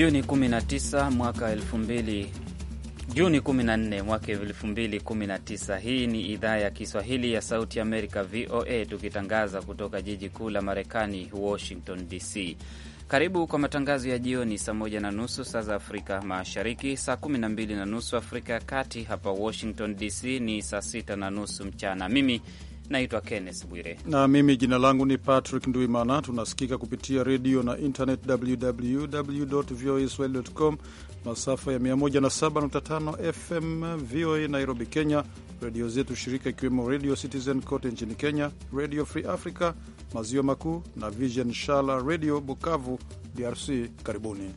Juni 19 mwaka 2000 Juni 14 mwaka 2019. Hii ni idhaa ya Kiswahili ya Sauti Amerika, VOA, tukitangaza kutoka jiji kuu la Marekani, Washington DC. Karibu kwa matangazo ya jioni, saa moja na nusu saa za Afrika Mashariki, saa kumi na mbili na nusu Afrika ya Kati. Hapa Washington DC ni saa sita na nusu mchana. Mimi Naitwa Kenneth Bwire na mimi jina langu ni Patrick Nduimana. Tunasikika kupitia redio na internet, www voa com, masafa ya 107.5 FM VOA Nairobi, Kenya, redio zetu shirika ikiwemo Radio Citizen kote nchini Kenya, Radio Free Africa maziwa makuu na Vision Shala Radio Bukavu, DRC. Karibuni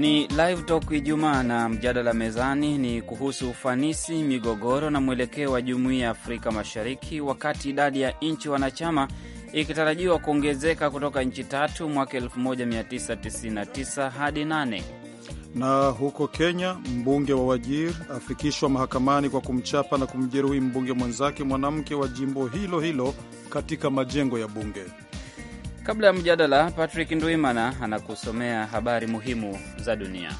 Ni Live Talk Ijumaa na mjadala mezani ni kuhusu ufanisi, migogoro na mwelekeo wa jumuiya ya Afrika Mashariki, wakati idadi ya nchi wanachama ikitarajiwa kuongezeka kutoka nchi tatu mwaka 1999 hadi 8. Na huko Kenya, mbunge wa Wajir afikishwa mahakamani kwa kumchapa na kumjeruhi mbunge mwenzake mwanamke wa jimbo hilo hilo katika majengo ya bunge. Kabla ya mjadala, Patrick Ndwimana anakusomea habari muhimu za dunia.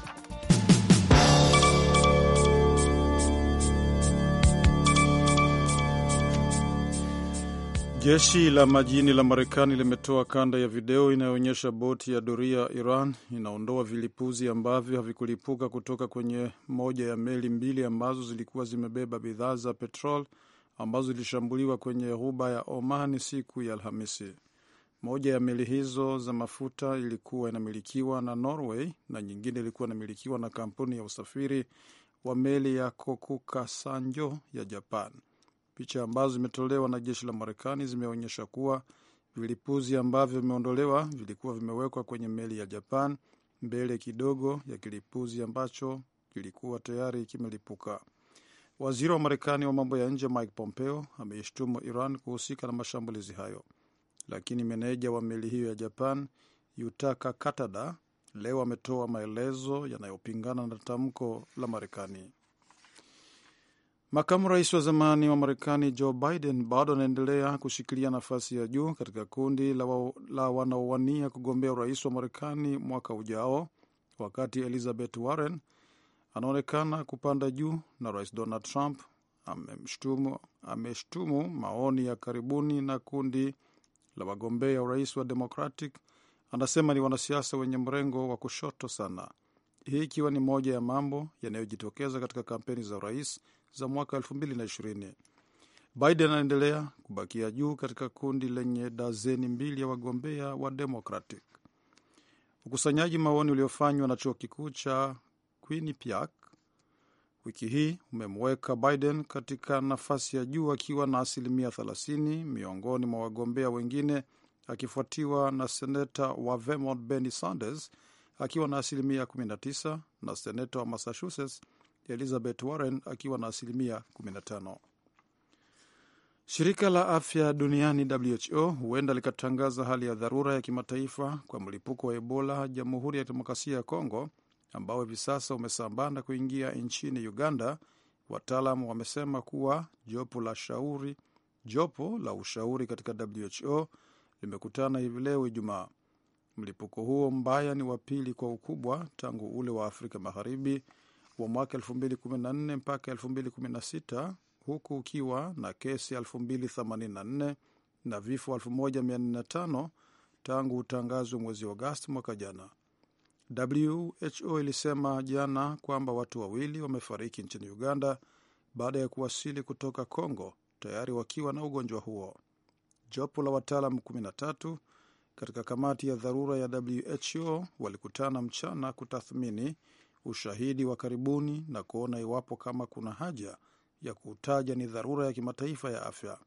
Jeshi la majini la Marekani limetoa kanda ya video inayoonyesha boti ya doria ya Iran inaondoa vilipuzi ambavyo havikulipuka kutoka kwenye moja ya meli mbili ambazo zilikuwa zimebeba bidhaa za petrol ambazo zilishambuliwa kwenye ghuba ya Oman siku ya Alhamisi. Moja ya meli hizo za mafuta ilikuwa inamilikiwa na Norway na nyingine ilikuwa inamilikiwa na kampuni ya usafiri wa meli ya Kokukasanjo ya Japan. Picha ambazo zimetolewa na jeshi la Marekani zimeonyesha kuwa vilipuzi ambavyo vimeondolewa vilikuwa vimewekwa kwenye meli ya Japan mbele kidogo ya kilipuzi ambacho kilikuwa tayari kimelipuka. Waziri wa Marekani wa mambo ya nje Mike Pompeo ameishtumu Iran kuhusika na mashambulizi hayo lakini meneja wa meli hiyo ya Japan Yutaka Katada leo ametoa maelezo yanayopingana na tamko la Marekani. Makamu rais wa zamani wa Marekani Joe Biden bado anaendelea kushikilia nafasi ya juu katika kundi la, wa, la wanaowania kugombea urais wa Marekani mwaka ujao, wakati Elizabeth Warren anaonekana kupanda juu na rais Donald Trump ameshtumu maoni ya karibuni na kundi la wagombea urais wa Democratic anasema ni wanasiasa wenye mrengo wa kushoto sana, hii ikiwa ni moja ya mambo yanayojitokeza katika kampeni za urais za mwaka 2020. Biden anaendelea kubakia juu katika kundi lenye dazeni mbili ya wagombea wa Democratic. Ukusanyaji maoni uliofanywa na chuo kikuu cha Quinnipiac wiki hii umemweka Biden katika nafasi ya juu akiwa na asilimia 30 miongoni mwa wagombea wengine, akifuatiwa na seneta wa Vermont Bernie Sanders akiwa na asilimia 19 na seneta wa Massachusetts Elizabeth Warren akiwa na asilimia 15. Shirika la afya duniani WHO huenda likatangaza hali ya dharura ya kimataifa kwa mlipuko wa Ebola Jamhuri ya Kidemokrasia ya Kongo ambao hivi sasa umesambanda kuingia nchini Uganda, wataalamu wamesema kuwa jopo la shauri, jopo la ushauri katika WHO limekutana hivi leo Ijumaa. Mlipuko huo mbaya ni wa pili kwa ukubwa tangu ule wa Afrika Magharibi wa mwaka 2014 mpaka 2016 huku ukiwa na kesi 2084 na vifo 1405 tangu utangazwe mwezi Agosti mwaka jana. WHO ilisema jana kwamba watu wawili wamefariki nchini Uganda baada ya kuwasili kutoka congo tayari wakiwa na ugonjwa huo. Jopo la wataalam 13 katika kamati ya dharura ya WHO walikutana mchana kutathmini ushahidi wa karibuni na kuona iwapo kama kuna haja ya kutaja ni dharura ya kimataifa ya afya.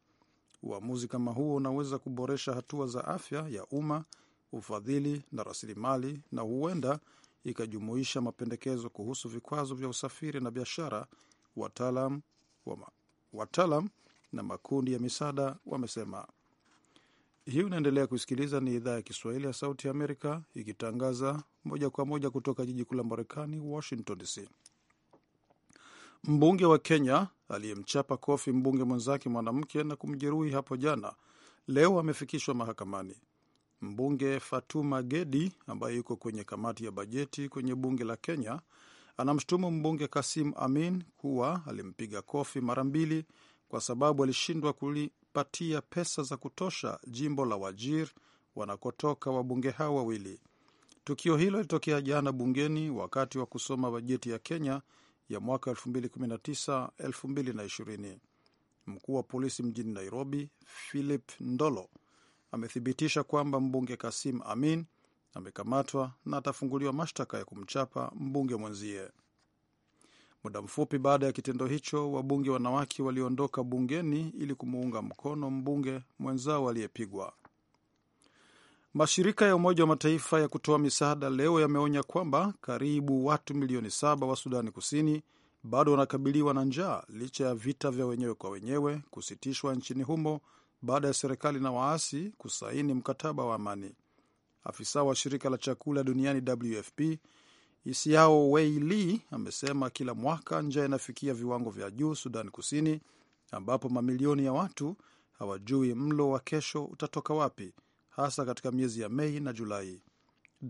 Uamuzi kama huo unaweza kuboresha hatua za afya ya umma ufadhili na rasilimali na huenda ikajumuisha mapendekezo kuhusu vikwazo vya usafiri na biashara. Wataalam wataalam na makundi ya misaada wamesema. Hii unaendelea kusikiliza, ni idhaa ya Kiswahili ya Sauti ya Amerika ikitangaza moja kwa moja kutoka jiji kuu la Marekani, Washington DC. Mbunge wa Kenya aliyemchapa kofi mbunge mwenzake mwanamke na kumjeruhi hapo jana, leo amefikishwa mahakamani. Mbunge Fatuma Gedi ambaye yuko kwenye kamati ya bajeti kwenye bunge la Kenya anamshutumu mbunge Kasim Amin kuwa alimpiga kofi mara mbili kwa sababu alishindwa kulipatia pesa za kutosha jimbo la Wajir wanakotoka wabunge hao wawili. Tukio hilo lilitokea jana bungeni wakati wa kusoma bajeti ya Kenya ya mwaka 2019-2020. Mkuu wa polisi mjini Nairobi Philip Ndolo amethibitisha kwamba mbunge Kasim Amin amekamatwa na atafunguliwa mashtaka ya kumchapa mbunge mwenzie. Muda mfupi baada ya kitendo hicho, wabunge wanawake waliondoka bungeni ili kumuunga mkono mbunge mwenzao aliyepigwa. Mashirika ya Umoja wa Mataifa ya kutoa misaada leo yameonya kwamba karibu watu milioni saba wa Sudani Kusini bado wanakabiliwa na njaa licha ya vita vya wenyewe kwa wenyewe kusitishwa nchini humo baada ya serikali na waasi kusaini mkataba wa amani. Afisa wa shirika la chakula duniani WFP Isiao Weili amesema kila mwaka njaa inafikia viwango vya juu Sudan Kusini, ambapo mamilioni ya watu hawajui mlo wa kesho utatoka wapi, hasa katika miezi ya Mei na Julai.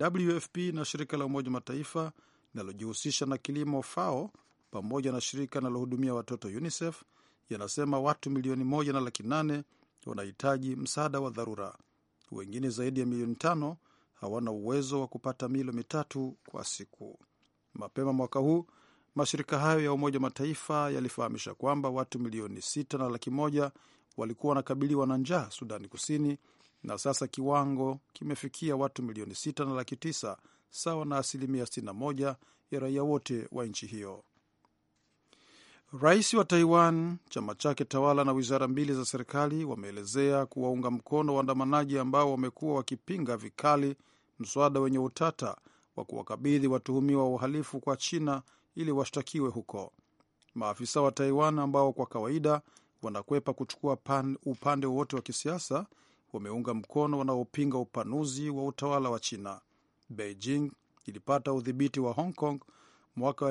WFP na shirika la Umoja Mataifa linalojihusisha na kilimo FAO pamoja na shirika linalohudumia watoto UNICEF yanasema watu milioni moja na laki nane wanahitaji msaada wa dharura. Wengine zaidi ya milioni tano hawana uwezo wa kupata milo mitatu kwa siku. Mapema mwaka huu mashirika hayo ya Umoja wa Mataifa yalifahamisha kwamba watu milioni sita na laki moja walikuwa wanakabiliwa na njaa Sudani Kusini, na sasa kiwango kimefikia watu milioni sita na laki tisa sawa na asilimia 61 ya raia wote wa nchi hiyo. Rais wa Taiwan, chama chake tawala na wizara mbili za serikali wameelezea kuwaunga mkono waandamanaji ambao wamekuwa wakipinga vikali mswada wenye utata wa kuwakabidhi watuhumiwa wa uhalifu kwa China ili washtakiwe huko. Maafisa wa Taiwan ambao kwa kawaida wanakwepa kuchukua pan, upande wowote wa kisiasa wameunga mkono wanaopinga upanuzi wa utawala wa China. Beijing ilipata udhibiti wa Hong Kong mwaka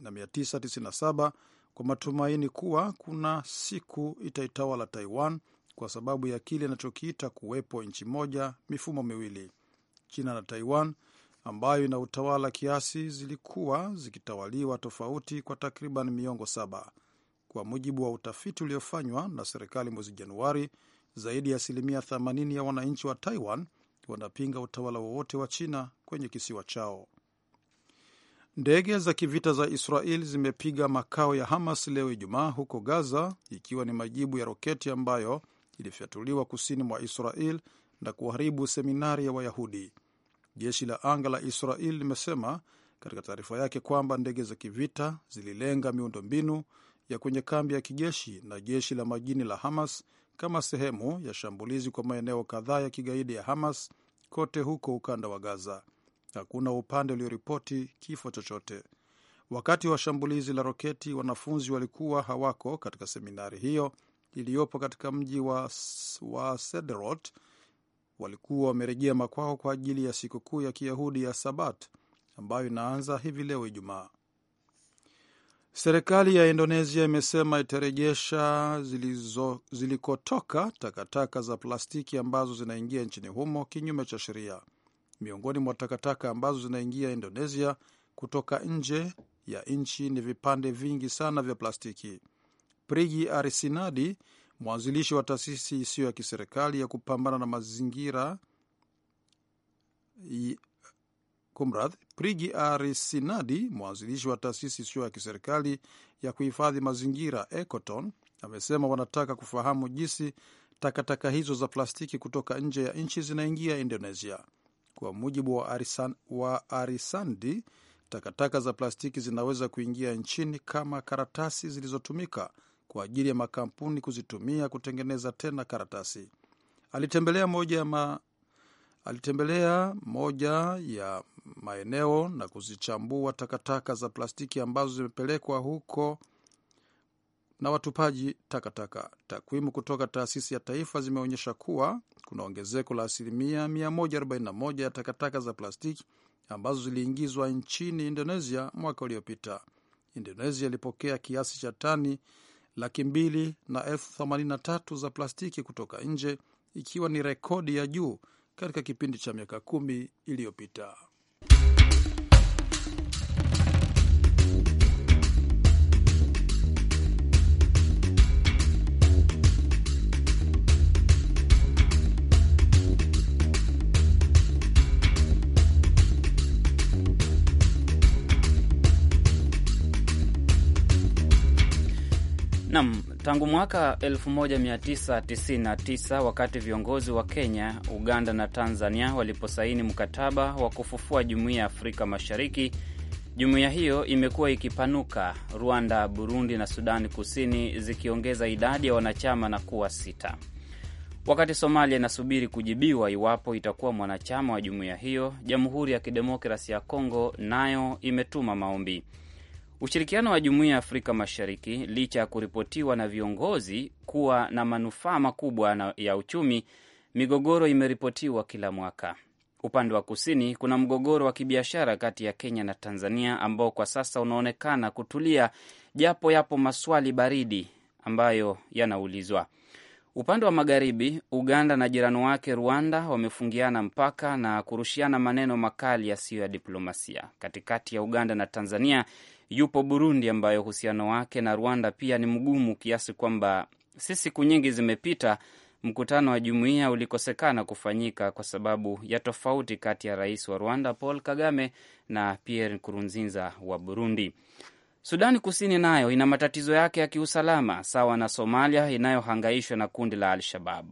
na 997 kwa matumaini kuwa kuna siku itaitawala Taiwan kwa sababu ya kile anachokiita kuwepo nchi moja mifumo miwili. China na Taiwan ambayo ina utawala kiasi zilikuwa zikitawaliwa tofauti kwa takriban miongo saba. Kwa mujibu wa utafiti uliofanywa na serikali mwezi Januari, zaidi ya asilimia 80 ya wananchi wa Taiwan wanapinga utawala wowote wa China kwenye kisiwa chao. Ndege za kivita za Israel zimepiga makao ya Hamas leo Ijumaa huko Gaza, ikiwa ni majibu ya roketi ambayo ilifyatuliwa kusini mwa Israel na kuharibu seminari ya Wayahudi. Jeshi la anga la Israel limesema katika taarifa yake kwamba ndege za kivita zililenga miundo mbinu ya kwenye kambi ya kijeshi na jeshi la majini la Hamas kama sehemu ya shambulizi kwa maeneo kadhaa ya kigaidi ya Hamas kote huko ukanda wa Gaza hakuna upande ulioripoti kifo chochote. Wakati wa shambulizi la roketi, wanafunzi walikuwa hawako katika seminari hiyo iliyopo katika mji wa, wa Sderot. Walikuwa wamerejea makwao kwa ajili ya sikukuu ya Kiyahudi ya Sabat ambayo inaanza hivi leo Ijumaa. Serikali ya Indonesia imesema itarejesha zilikotoka takataka za plastiki ambazo zinaingia nchini humo kinyume cha sheria. Miongoni mwa takataka ambazo zinaingia Indonesia kutoka nje ya nchi ni vipande vingi sana vya plastiki. Prigi Arisinadi, mwanzilishi wa taasisi isiyo ya kiserikali ya kupambana na mazingira I... Prigi Arisinadi, mwanzilishi wa taasisi isiyo ya kiserikali ya kuhifadhi mazingira Ecoton, amesema wanataka kufahamu jinsi takataka hizo za plastiki kutoka nje ya nchi zinaingia Indonesia. Kwa mujibu wa, Arisan, wa Arisandi, takataka za plastiki zinaweza kuingia nchini kama karatasi zilizotumika kwa ajili ya makampuni kuzitumia kutengeneza tena karatasi. Alitembelea moja ya ma... alitembelea moja ya maeneo na kuzichambua takataka za plastiki ambazo zimepelekwa huko na watupaji takataka. Takwimu kutoka taasisi ya taifa zimeonyesha kuwa kuna ongezeko la asilimia 141 ya takataka za plastiki ambazo ziliingizwa nchini Indonesia mwaka uliopita. Indonesia ilipokea kiasi cha tani laki mbili na elfu themanini na tatu za plastiki kutoka nje, ikiwa ni rekodi ya juu katika kipindi cha miaka kumi iliyopita. Nam, tangu mwaka 1999 wakati viongozi wa Kenya, Uganda na Tanzania waliposaini mkataba wa kufufua jumuiya ya Afrika Mashariki, jumuiya hiyo imekuwa ikipanuka, Rwanda, Burundi na Sudani Kusini zikiongeza idadi ya wanachama na kuwa sita, wakati Somalia inasubiri kujibiwa iwapo itakuwa mwanachama wa jumuiya hiyo. Jamhuri ya Kidemokrasi ya Kongo nayo imetuma maombi. Ushirikiano wa Jumuiya ya Afrika Mashariki, licha ya kuripotiwa na viongozi kuwa na manufaa makubwa ya uchumi, migogoro imeripotiwa kila mwaka. Upande wa kusini kuna mgogoro wa kibiashara kati ya Kenya na Tanzania ambao kwa sasa unaonekana kutulia, japo yapo maswali baridi ambayo yanaulizwa. Upande wa magharibi, Uganda na jirani wake Rwanda wamefungiana mpaka na kurushiana maneno makali yasiyo ya diplomasia. Katikati ya Uganda na Tanzania yupo Burundi, ambayo uhusiano wake na Rwanda pia ni mgumu kiasi kwamba si siku nyingi zimepita mkutano wa jumuiya ulikosekana kufanyika kwa sababu ya tofauti kati ya rais wa Rwanda Paul Kagame na Pierre Nkurunziza wa Burundi. Sudani Kusini nayo ina matatizo yake ya kiusalama sawa na Somalia inayohangaishwa na kundi la Al-Shabab.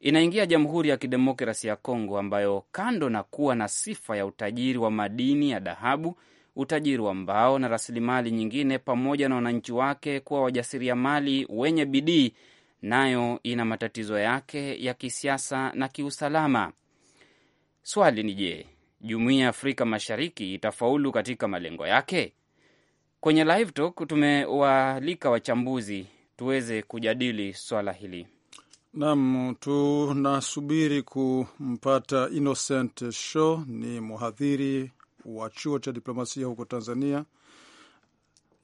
Inaingia Jamhuri ya Kidemokrasi ya congo ambayo kando na kuwa na sifa ya utajiri wa madini ya dhahabu utajiri wa mbao na rasilimali nyingine, pamoja na wananchi wake kuwa wajasiriamali wenye bidii, nayo ina matatizo yake ya kisiasa na kiusalama. Swali ni je, jumuiya ya Afrika Mashariki itafaulu katika malengo yake? Kwenye Live Talk tumewaalika wachambuzi tuweze kujadili swala hili. Naam, tunasubiri kumpata Innocent Show, ni mhadhiri wa chuo cha diplomasia huko Tanzania,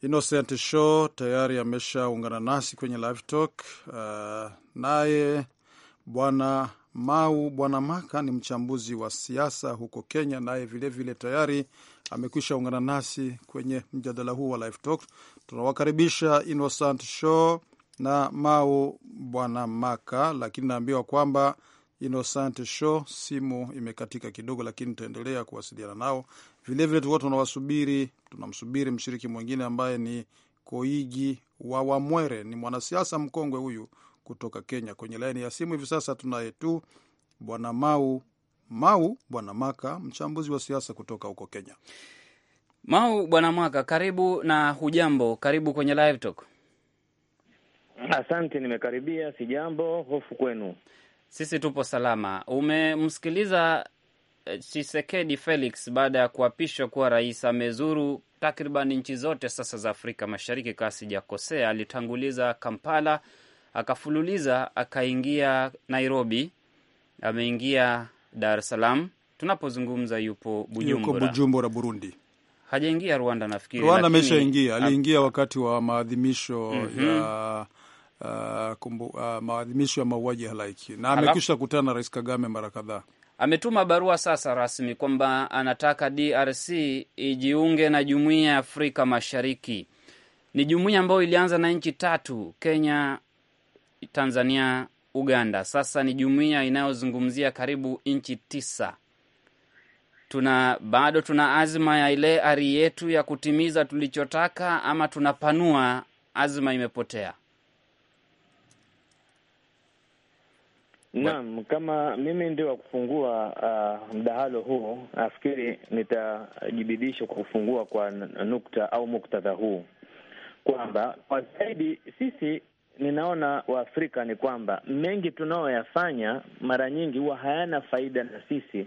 Innocent Show tayari ameshaungana nasi kwenye live talk. Uh, naye bwana Mau bwana Maka ni mchambuzi wa siasa huko Kenya, naye vilevile tayari amekwisha ungana nasi kwenye mjadala huu wa live talk. Tunawakaribisha Innocent Show na Mau bwana Maka, lakini naambiwa kwamba Innocent Show. Simu imekatika kidogo, lakini tutaendelea kuwasiliana nao vilevile. tukuwa tunawasubiri, tunamsubiri mshiriki mwingine ambaye ni Koigi wa Wamwere, ni mwanasiasa mkongwe huyu kutoka Kenya. Kwenye laini ya simu hivi sasa tunaye tu bwana Mau Mau Bwana Maka, mchambuzi wa siasa kutoka huko Kenya. Mau Bwana Maka, karibu na hujambo? Karibu kwenye Live Talk. Asante, nimekaribia. si jambo hofu kwenu sisi tupo salama. Umemsikiliza Chisekedi eh, Felix baada ya kuapishwa kuwa rais, amezuru takriban nchi zote sasa za Afrika Mashariki, kaa sijakosea. Alitanguliza Kampala, akafululiza akaingia Nairobi, ameingia Dar es Salaam, tunapozungumza yupo Bujumbura, yuko Bujumbura, Burundi. Hajaingia Rwanda nafikiri, Rwanda ameshaingia, aliingia wakati wa maadhimisho mm -hmm. ya uh, uh, maadhimisho ya mauaji halaiki na amekwisha kutana na Rais Kagame mara kadhaa. Ametuma barua sasa rasmi kwamba anataka DRC ijiunge na jumuiya ya Afrika Mashariki. Ni jumuiya ambayo ilianza na nchi tatu: Kenya, Tanzania, Uganda. Sasa ni jumuiya inayozungumzia karibu nchi tisa. Tuna bado tuna azma ya ile ari yetu ya kutimiza tulichotaka, ama tunapanua? Azma imepotea. Naam, kama mimi ndio wa kufungua uh, mdahalo huu, nafikiri nitajibidisha kwa kufungua kwa nukta au muktadha huu kwamba kwa zaidi sisi ninaona Waafrika ni kwamba mengi tunayoyafanya mara nyingi huwa hayana faida na sisi.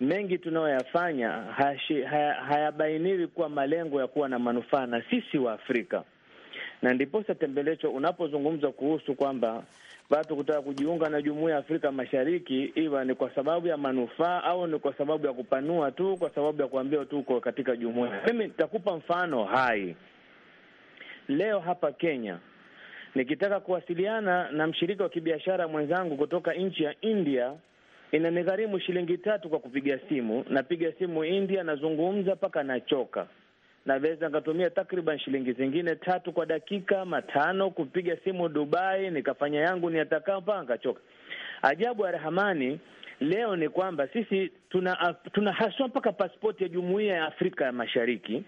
Mengi tunayoyafanya hayabainiwi haya kuwa malengo ya kuwa na manufaa na sisi Waafrika na ndiposa Tembelecho, unapozungumza kuhusu kwamba watu kutaka kujiunga na jumuiya ya Afrika Mashariki, iwa ni kwa sababu ya manufaa au ni kwa sababu ya kupanua tu, kwa sababu ya kuambia uko katika jumuiya. Mimi nitakupa mfano hai. Leo hapa Kenya nikitaka kuwasiliana na mshirika wa kibiashara mwenzangu kutoka nchi ya India inanigharimu shilingi tatu kwa kupiga simu. Napiga simu India, nazungumza mpaka nachoka naweza nikatumia takriban shilingi zingine tatu kwa dakika matano kupiga simu Dubai, nikafanya yangu niyatakaa mpaka nikachoka. Ajabu ya rahamani leo ni kwamba sisi tuna, tuna haswa mpaka pasipoti ya jumuiya ya Afrika ya Mashariki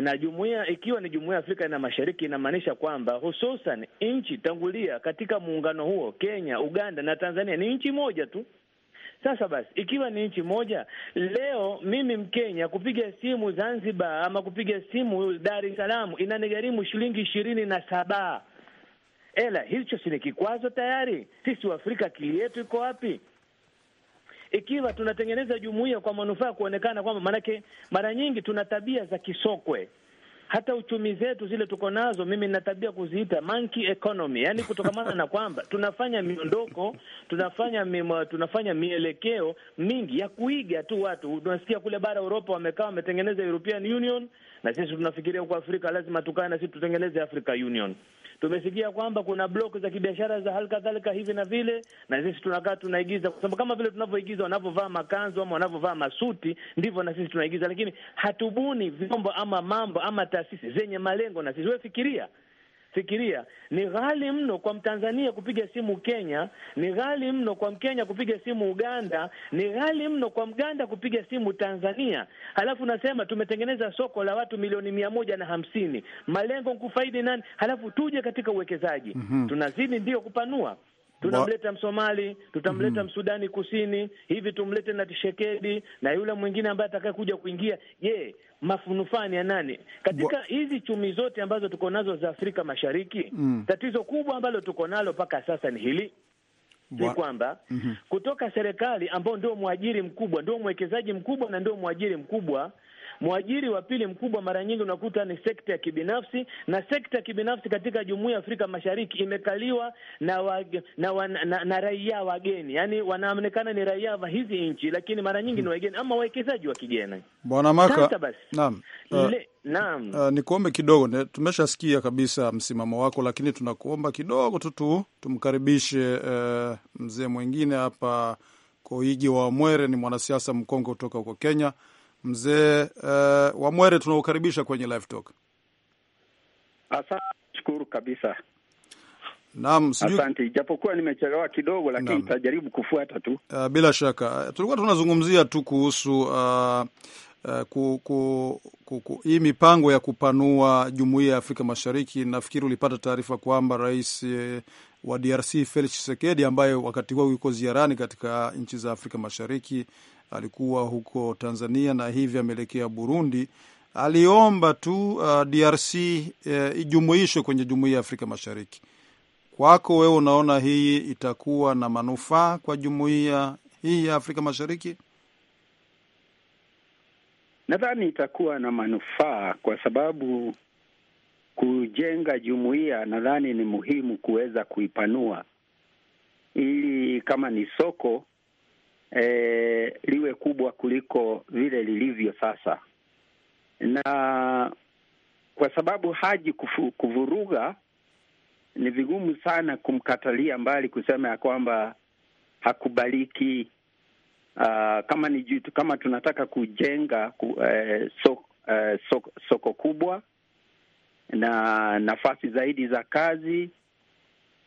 na jumuiya ikiwa ni jumuiya ya Afrika na Mashariki inamaanisha kwamba hususan nchi tangulia katika muungano huo Kenya, Uganda na Tanzania ni nchi moja tu. Sasa basi, ikiwa ni nchi moja, leo mimi Mkenya kupiga simu Zanzibar ama kupiga simu Dar es Salaam inanigharimu shilingi ishirini na saba. Ela hicho si ni kikwazo tayari? Sisi uafrika akili yetu iko wapi? Ikiwa tunatengeneza jumuiya kwa manufaa ya kuonekana kwamba, maanake mara nyingi tuna tabia za kisokwe hata uchumi zetu zile tuko nazo, mimi nina tabia kuziita monkey economy, yaani kutokamana na kwamba tunafanya miondoko, tunafanya mima, tunafanya mielekeo mingi ya kuiga tu. Watu unasikia kule bara Europa wamekaa wametengeneza European Union, na sisi tunafikiria huko Afrika lazima tukae na sisi tutengeneze Africa Union tumesikia kwamba kuna blok za kibiashara za hali kadhalika hivi na vile, na sisi tunakaa tunaigiza, kwa sababu kama vile tunavyoigiza wanavyovaa makanzu ama wanavyovaa masuti, ndivyo na sisi tunaigiza, lakini hatubuni vyombo ama mambo ama taasisi zenye malengo na sisi. Wefikiria Fikiria, ni ghali mno kwa Mtanzania kupiga simu Kenya, ni ghali mno kwa Mkenya kupiga simu Uganda, ni ghali mno kwa Mganda kupiga simu Tanzania. Halafu nasema tumetengeneza soko la watu milioni mia moja na hamsini, malengo nkufaidi nani? Halafu tuje katika uwekezaji mm -hmm. Tunazidi ndiyo kupanua tunamleta Msomali, tutamleta mm -hmm. Msudani Kusini, hivi tumlete na Tishekedi na yule mwingine ambaye kuja kuingia. Je, mafunufani ya nani katika hizi chumi zote ambazo tuko nazo za Afrika Mashariki? mm. Tatizo kubwa ambalo tuko nalo mpaka sasa ni hili ni kwamba mm -hmm. kutoka serikali ambao ndio mwajiri mkubwa, ndio mwekezaji mkubwa na ndio mwajiri mkubwa Mwajiri wa pili mkubwa mara nyingi unakuta ni sekta ya kibinafsi, na sekta ya kibinafsi katika Jumuiya ya Afrika Mashariki imekaliwa na wa, na, wa, na, na, na raia wageni, yani wanaonekana ni raia wa hizi nchi, lakini mara nyingi hmm, ni wageni ama wawekezaji wa kigeni. Bwana Maka, naam. Uh, naam. Uh, nikuombe kidogo, tumeshasikia kabisa msimamo wako, lakini tunakuomba kidogo tu tumkaribishe uh, mzee mwingine hapa Koigi wa Mwere, ni mwanasiasa mkongwe kutoka huko Kenya. Mzee uh, Wamwere, tunaukaribisha kwenye live talk. Asante, shukuru kabisa. Naam, sijui... Asante, ijapokuwa nimechelewa kidogo, lakini nitajaribu kufuata tu. Uh, bila shaka eh, tulikuwa tunazungumzia tu kuhusu uh, Uh, ku, ku, ku, ku, hii mipango ya kupanua jumuiya ya Afrika Mashariki. Nafikiri ulipata taarifa kwamba rais wa DRC Felix Tshisekedi ambaye wakati huo yuko ziarani katika nchi za Afrika Mashariki alikuwa huko Tanzania na hivi ameelekea Burundi. Aliomba tu uh, DRC uh, ijumuishwe kwenye jumuiya ya Afrika Mashariki. Kwako wewe, unaona hii itakuwa na manufaa kwa jumuiya hii ya Afrika Mashariki? Nadhani itakuwa na manufaa kwa sababu kujenga jumuiya, nadhani ni muhimu kuweza kuipanua, ili kama ni soko e, liwe kubwa kuliko vile lilivyo sasa, na kwa sababu haji kufu, kuvuruga ni vigumu sana kumkatalia mbali kusema ya kwamba hakubaliki. Uh, kama ni jitu, kama tunataka kujenga ku, uh, so, uh, so, soko kubwa na nafasi zaidi za kazi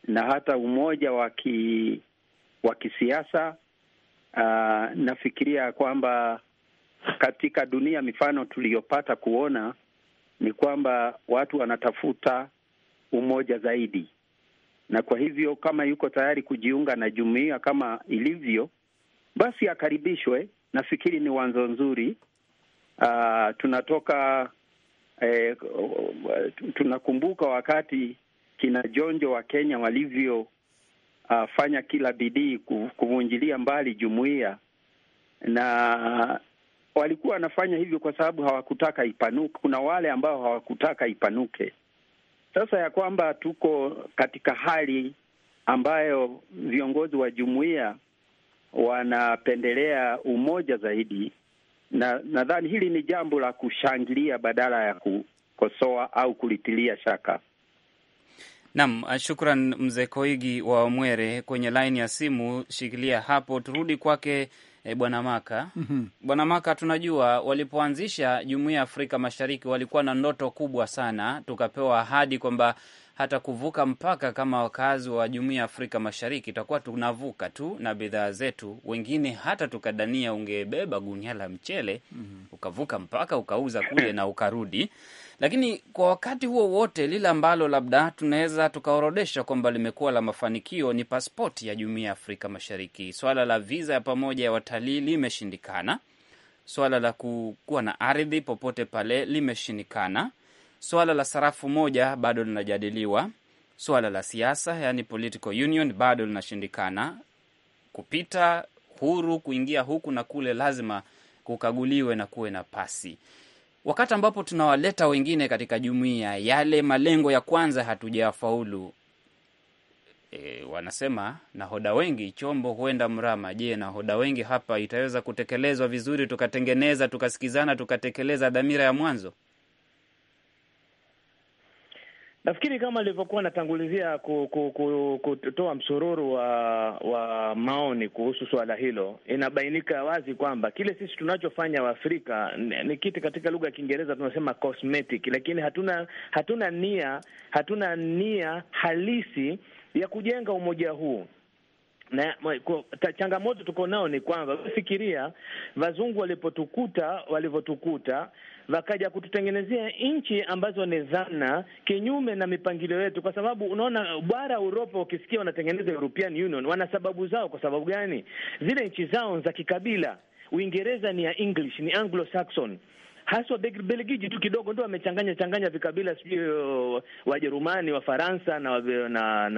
na hata umoja wa kisiasa Uh, nafikiria kwamba katika dunia mifano tuliyopata kuona ni kwamba watu wanatafuta umoja zaidi, na kwa hivyo kama yuko tayari kujiunga na jumuiya kama ilivyo, basi akaribishwe. Nafikiri ni wanzo nzuri. Uh, tunatoka eh, tunakumbuka wakati kina Jonjo wa Kenya walivyo uh, fanya kila bidii kuvunjilia mbali jumuiya, na walikuwa wanafanya hivyo kwa sababu hawakutaka ipanuke. Kuna wale ambao hawakutaka ipanuke. Sasa ya kwamba tuko katika hali ambayo viongozi wa jumuiya wanapendelea umoja zaidi, na nadhani hili ni jambo la kushangilia badala ya kukosoa au kulitilia shaka. Nam, uh, shukran mzee Koigi wa Mwere kwenye laini ya simu. Shikilia hapo, turudi kwake e, bwana Maka. mm -hmm. Bwana Maka, tunajua walipoanzisha jumuiya ya Afrika Mashariki walikuwa na ndoto kubwa sana, tukapewa ahadi kwamba hata kuvuka mpaka kama wakazi wa jumuiya ya Afrika Mashariki tutakuwa tunavuka tu na bidhaa zetu, wengine hata tukadania ungebeba gunia la mchele mm -hmm. ukavuka mpaka ukauza kule na ukarudi lakini kwa wakati huo wote, lile ambalo labda tunaweza tukaorodesha kwamba limekuwa la mafanikio ni paspoti ya jumuiya ya Afrika Mashariki. Swala la viza ya pamoja ya watalii limeshindikana, swala la kuwa na ardhi popote pale limeshindikana, swala la sarafu moja bado linajadiliwa, swala la siasa, yani political union, bado linashindikana kupita huru kuingia huku na kule, lazima kukaguliwe na kuwe na pasi wakati ambapo tunawaleta wengine katika jumuiya, yale malengo ya kwanza hatujafaulu. E, wanasema nahoda wengi chombo huenda mrama. Je, nahoda wengi hapa itaweza kutekelezwa vizuri? Tukatengeneza, tukasikizana, tukatekeleza dhamira ya mwanzo. Nafikiri kama alivyokuwa natangulizia kutoa msururu wa wa maoni kuhusu suala hilo, inabainika wazi kwamba kile sisi tunachofanya Waafrika ni kitu katika lugha ya Kiingereza tunasema cosmetic, lakini hatuna hatuna nia hatuna nia halisi ya kujenga umoja huu na changamoto tuko nao ni kwamba fikiria, wazungu walipotukuta walivyotukuta wakaja kututengenezea nchi ambazo ni dhana kinyume na mipangilio yetu, kwa sababu unaona bara Uropa ukisikia wanatengeneza European Union wana sababu zao. Kwa sababu gani? Zile nchi zao za kikabila Uingereza ni ya English, ni Anglo Saxon haswa Belgiji tu kidogo ndo amechanganya changanya vikabila, sijui uh, Wajerumani, Wafaransa na na na,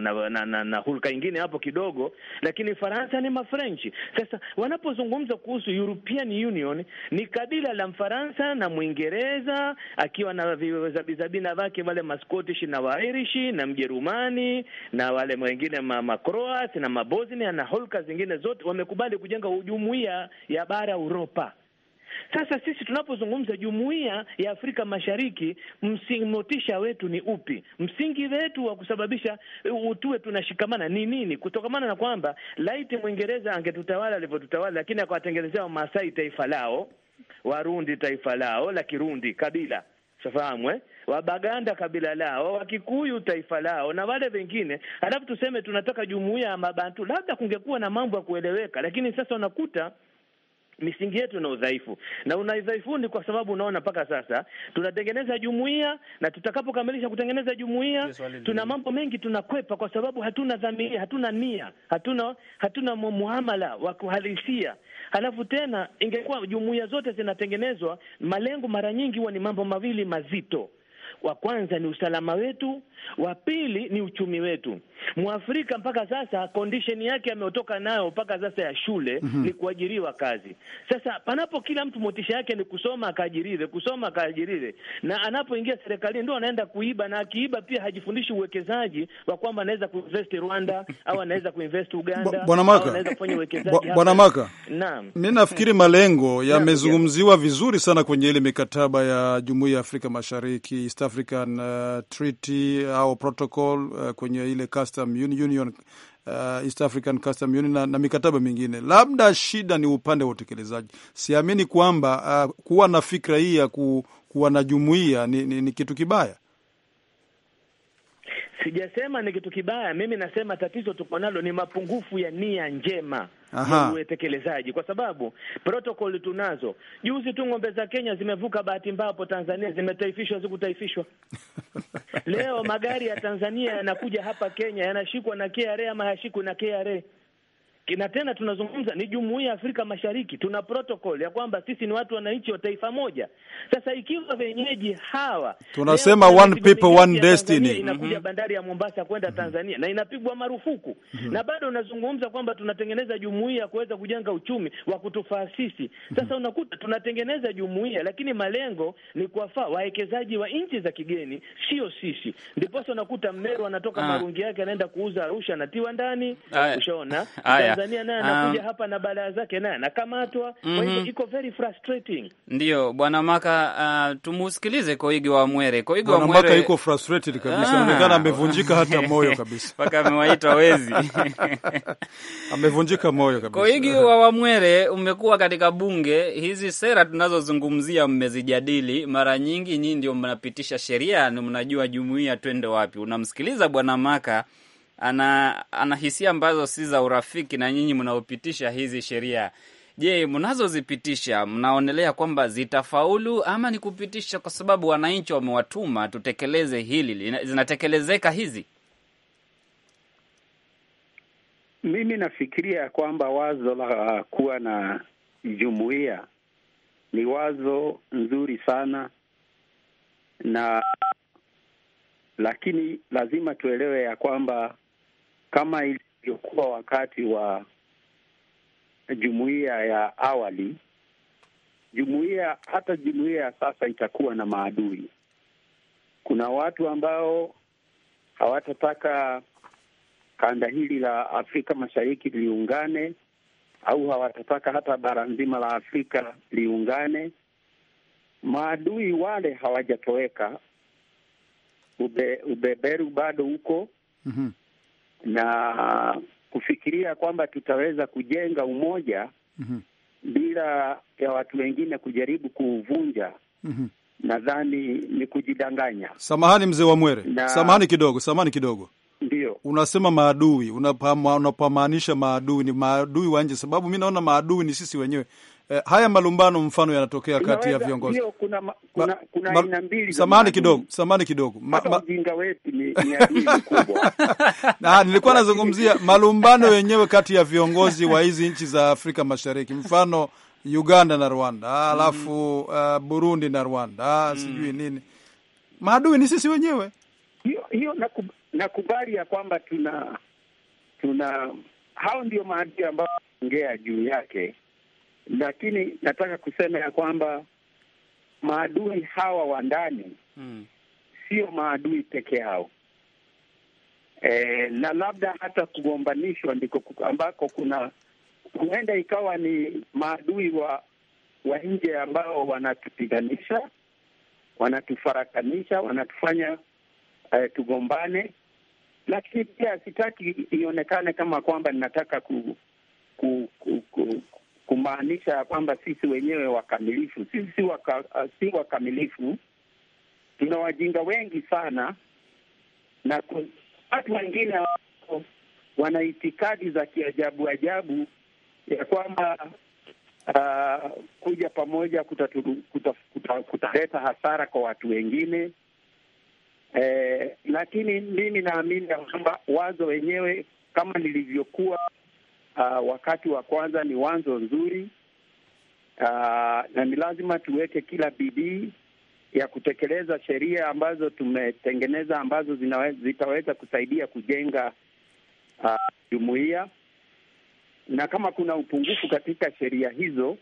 na, na, na, na hulka ingine hapo kidogo, lakini Faransa ni Mafrenchi. Sasa wanapozungumza kuhusu European Union ni kabila la Mfaransa na Mwingereza akiwa na vizabizabina vake wale Mascotish na Wairish na Mjerumani na wale wengine Macroat na Mabosnia na hulka zingine zote wamekubali kujenga ujumuiya ya bara Uropa sasa sisi tunapozungumza jumuiya ya Afrika Mashariki, msingi motisha wetu ni upi? Msingi wetu wa kusababisha utuwe uh, tunashikamana ni nini? Kutokamana na kwamba laiti Mwingereza angetutawala alivyotutawala, lakini akawatengenezea Wamaasai taifa lao, Warundi taifa lao la Kirundi kabila Safahamu eh? Wabaganda kabila lao, Wakikuyu taifa lao na wale wengine, alafu tuseme tunataka jumuiya ya Mabantu, labda kungekuwa na mambo ya kueleweka, lakini sasa unakuta misingi yetu ina udhaifu na una udhaifu ni kwa sababu unaona, mpaka sasa tunatengeneza jumuiya na tutakapokamilisha kutengeneza jumuiya, tuna mambo mengi tunakwepa, kwa sababu hatuna dhamiria, hatuna nia, hatuna hatuna muamala wa kuhalisia. Halafu tena, ingekuwa jumuiya zote zinatengenezwa, malengo mara nyingi huwa ni mambo mawili mazito wa kwanza ni usalama wetu, wa pili ni uchumi wetu. Mwafrika mpaka sasa condition yake ameotoka nayo mpaka sasa ya shule mm -hmm. ni kuajiriwa kazi. Sasa panapo kila mtu motisha yake ni kusoma akaajiriwe, kusoma akaajiriwe, na anapoingia serikalini ndio anaenda kuiba, na akiiba pia hajifundishi uwekezaji wa kwamba anaweza kuinvest Rwanda au anaweza kuinvest Uganda. Bwana Maka, anaweza kufanya uwekezaji. Bwana Maka, naam, mimi nafikiri malengo yamezungumziwa vizuri sana kwenye ile mikataba ya Jumuiya ya Afrika Mashariki, East African uh, Treaty au protocol uh, kwenye ile kasi Custom Union, uh, East African Custom Union na, na mikataba mingine. Labda shida ni upande wa utekelezaji. Siamini kwamba uh, kuwa na fikra hii ya ku, kuwa na jumuiya ni, ni, ni kitu kibaya. Sijasema ni kitu kibaya, mimi nasema tatizo tuko nalo ni mapungufu ya nia njema ya utekelezaji, kwa sababu protokoli tunazo. Juzi tu ng'ombe za Kenya zimevuka bahati mbaya hapo Tanzania, zimetaifishwa, zikutaifishwa leo magari ya Tanzania yanakuja hapa Kenya yanashikwa na KRA ama hayashikwi na KRA na tena tunazungumza ni jumuiya ya Afrika Mashariki, tuna protokol ya kwamba sisi ni watu wananchi wa taifa moja. Sasa ikiwa wenyeji hawa tunasema one people one destiny, inakuja mm -hmm. bandari ya Mombasa kwenda mm-hmm. Tanzania mm -hmm. na inapigwa marufuku mm -hmm. na bado unazungumza kwamba tunatengeneza jumuiya ya kuweza kujenga uchumi wa kutufaa sisi. Mm-hmm. Sasa mm -hmm. unakuta tunatengeneza jumuiya, lakini malengo ni kuwafaa wawekezaji wa nchi za kigeni, sio sisi. Ndiposa unakuta Mmeru anatoka ah. marungi yake anaenda kuuza Arusha, anatiwa ndani. Ushaona Tanzania naye ah. anakuja um, hapa na balaa zake naye anakamatwa. Kwa mm hivyo mhm. iko very frustrating. Ndio Bwana Maka, uh, tumusikilize Koigi wa Mwere. Koigi wa Mwere Maka yuko frustrated kabisa, anaonekana ah. amevunjika hata moyo kabisa mpaka amewaita wezi amevunjika moyo kabisa. Koigi wa Wamwere, umekuwa katika bunge, hizi sera tunazozungumzia mmezijadili mara nyingi, nyinyi ndio mnapitisha sheria, na mnajua jumuiya twende wapi. Unamsikiliza Bwana Maka ana, ana hisia ambazo si za urafiki na nyinyi mnaopitisha hizi sheria. Je, mnazozipitisha mnaonelea kwamba zitafaulu ama ni kupitisha kwa sababu wananchi wamewatuma tutekeleze hili? Zinatekelezeka hizi? Mimi nafikiria ya kwamba wazo la uh, kuwa na jumuiya ni wazo nzuri sana na lakini lazima tuelewe ya kwamba kama ilivyokuwa wakati wa jumuiya ya awali. Jumuiya hata jumuiya ya sasa itakuwa na maadui. Kuna watu ambao hawatataka kanda hili la Afrika Mashariki liungane au hawatataka hata bara nzima la Afrika liungane. Maadui wale hawajatoweka, ube, ubeberu bado uko. mm -hmm na kufikiria kwamba tutaweza kujenga umoja mm -hmm. bila ya watu wengine kujaribu kuuvunja mm -hmm. Nadhani ni kujidanganya. Samahani mzee wa Mwere na... samahani kidogo, samahani kidogo. Ndio unasema maadui, unapamaanisha maadui ni maadui wa nje? Sababu mi naona maadui ni sisi wenyewe Eh, haya malumbano mfano yanatokea kati ya viongozi. Kuna kuna, kuna ma, aina mbili. Samani kidogo, samani kidogo. Ujinga wetu ni ni kubwa. Na nilikuwa nazungumzia malumbano yenyewe kati ya viongozi wa hizi nchi za Afrika Mashariki, mfano Uganda na Rwanda, alafu mm. uh, Burundi na Rwanda, mm. sijui nini. Maadui ni sisi wenyewe. Hiyo hiyo nakubali ya kwamba tuna tuna hao ndio maadui ambao ongea juu yake lakini nataka kusema ya kwamba maadui hawa wa ndani mm. sio maadui peke yao e, na labda hata kugombanishwa ndiko ambako kuna huenda ikawa ni maadui wa wa nje ambao wanatupiganisha, wanatufarakanisha, wanatufanya eh, tugombane. Lakini pia sitaki ionekane kama kwamba ninataka ku, ku, ku, ku, kumaanisha ya kwamba sisi wenyewe wakamilifu. Sisi si waka, uh, si wakamilifu, tuna wajinga wengi sana, na watu wengine wana itikadi za kiajabu ajabu ya kwamba uh, kuja pamoja kutaleta kuta, kuta, kuta hasara kwa watu wengine. Eh, lakini mimi naamini ya kwamba wazo wenyewe kama lilivyokuwa uh, wakati wa kwanza ni wanzo nzuri uh, na ni lazima tuweke kila bidii ya kutekeleza sheria ambazo tumetengeneza ambazo zinaweza, zitaweza kusaidia kujenga uh, na kama kuna upungufu katika sheria hizo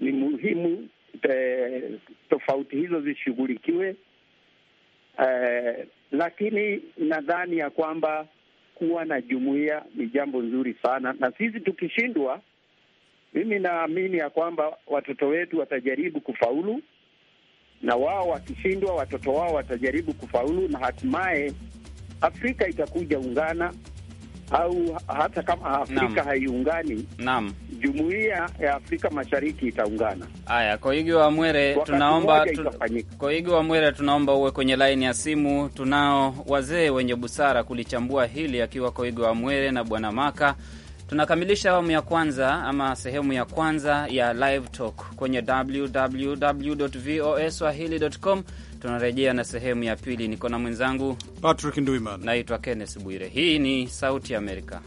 ni muhimu te, eh, tofauti hizo zishughulikiwe. Uh, lakini nadhani ya kwamba kuwa na jumuiya ni jambo nzuri sana, na sisi tukishindwa, mimi naamini ya kwamba watoto wetu watajaribu kufaulu, na wao wakishindwa, watoto wao watajaribu kufaulu, na hatimaye Afrika itakuja ungana au hata kama Afrika haiungani, naam, jumuiya ya Afrika Mashariki itaungana. Haya, Koigi wa Mwere, tunaomba tu, Koigi wa Mwere, tunaomba uwe kwenye laini ya simu. Tunao wazee wenye busara kulichambua hili, akiwa Koigi wa Mwere na Bwana Maka Tunakamilisha awamu ya kwanza ama sehemu ya kwanza ya Live Talk kwenye www voa swahili.com. Tunarejea na sehemu ya pili. Niko na mwenzangu Patrick Ndwimana, naitwa Kenneth Bwire. Hii ni Sauti Amerika.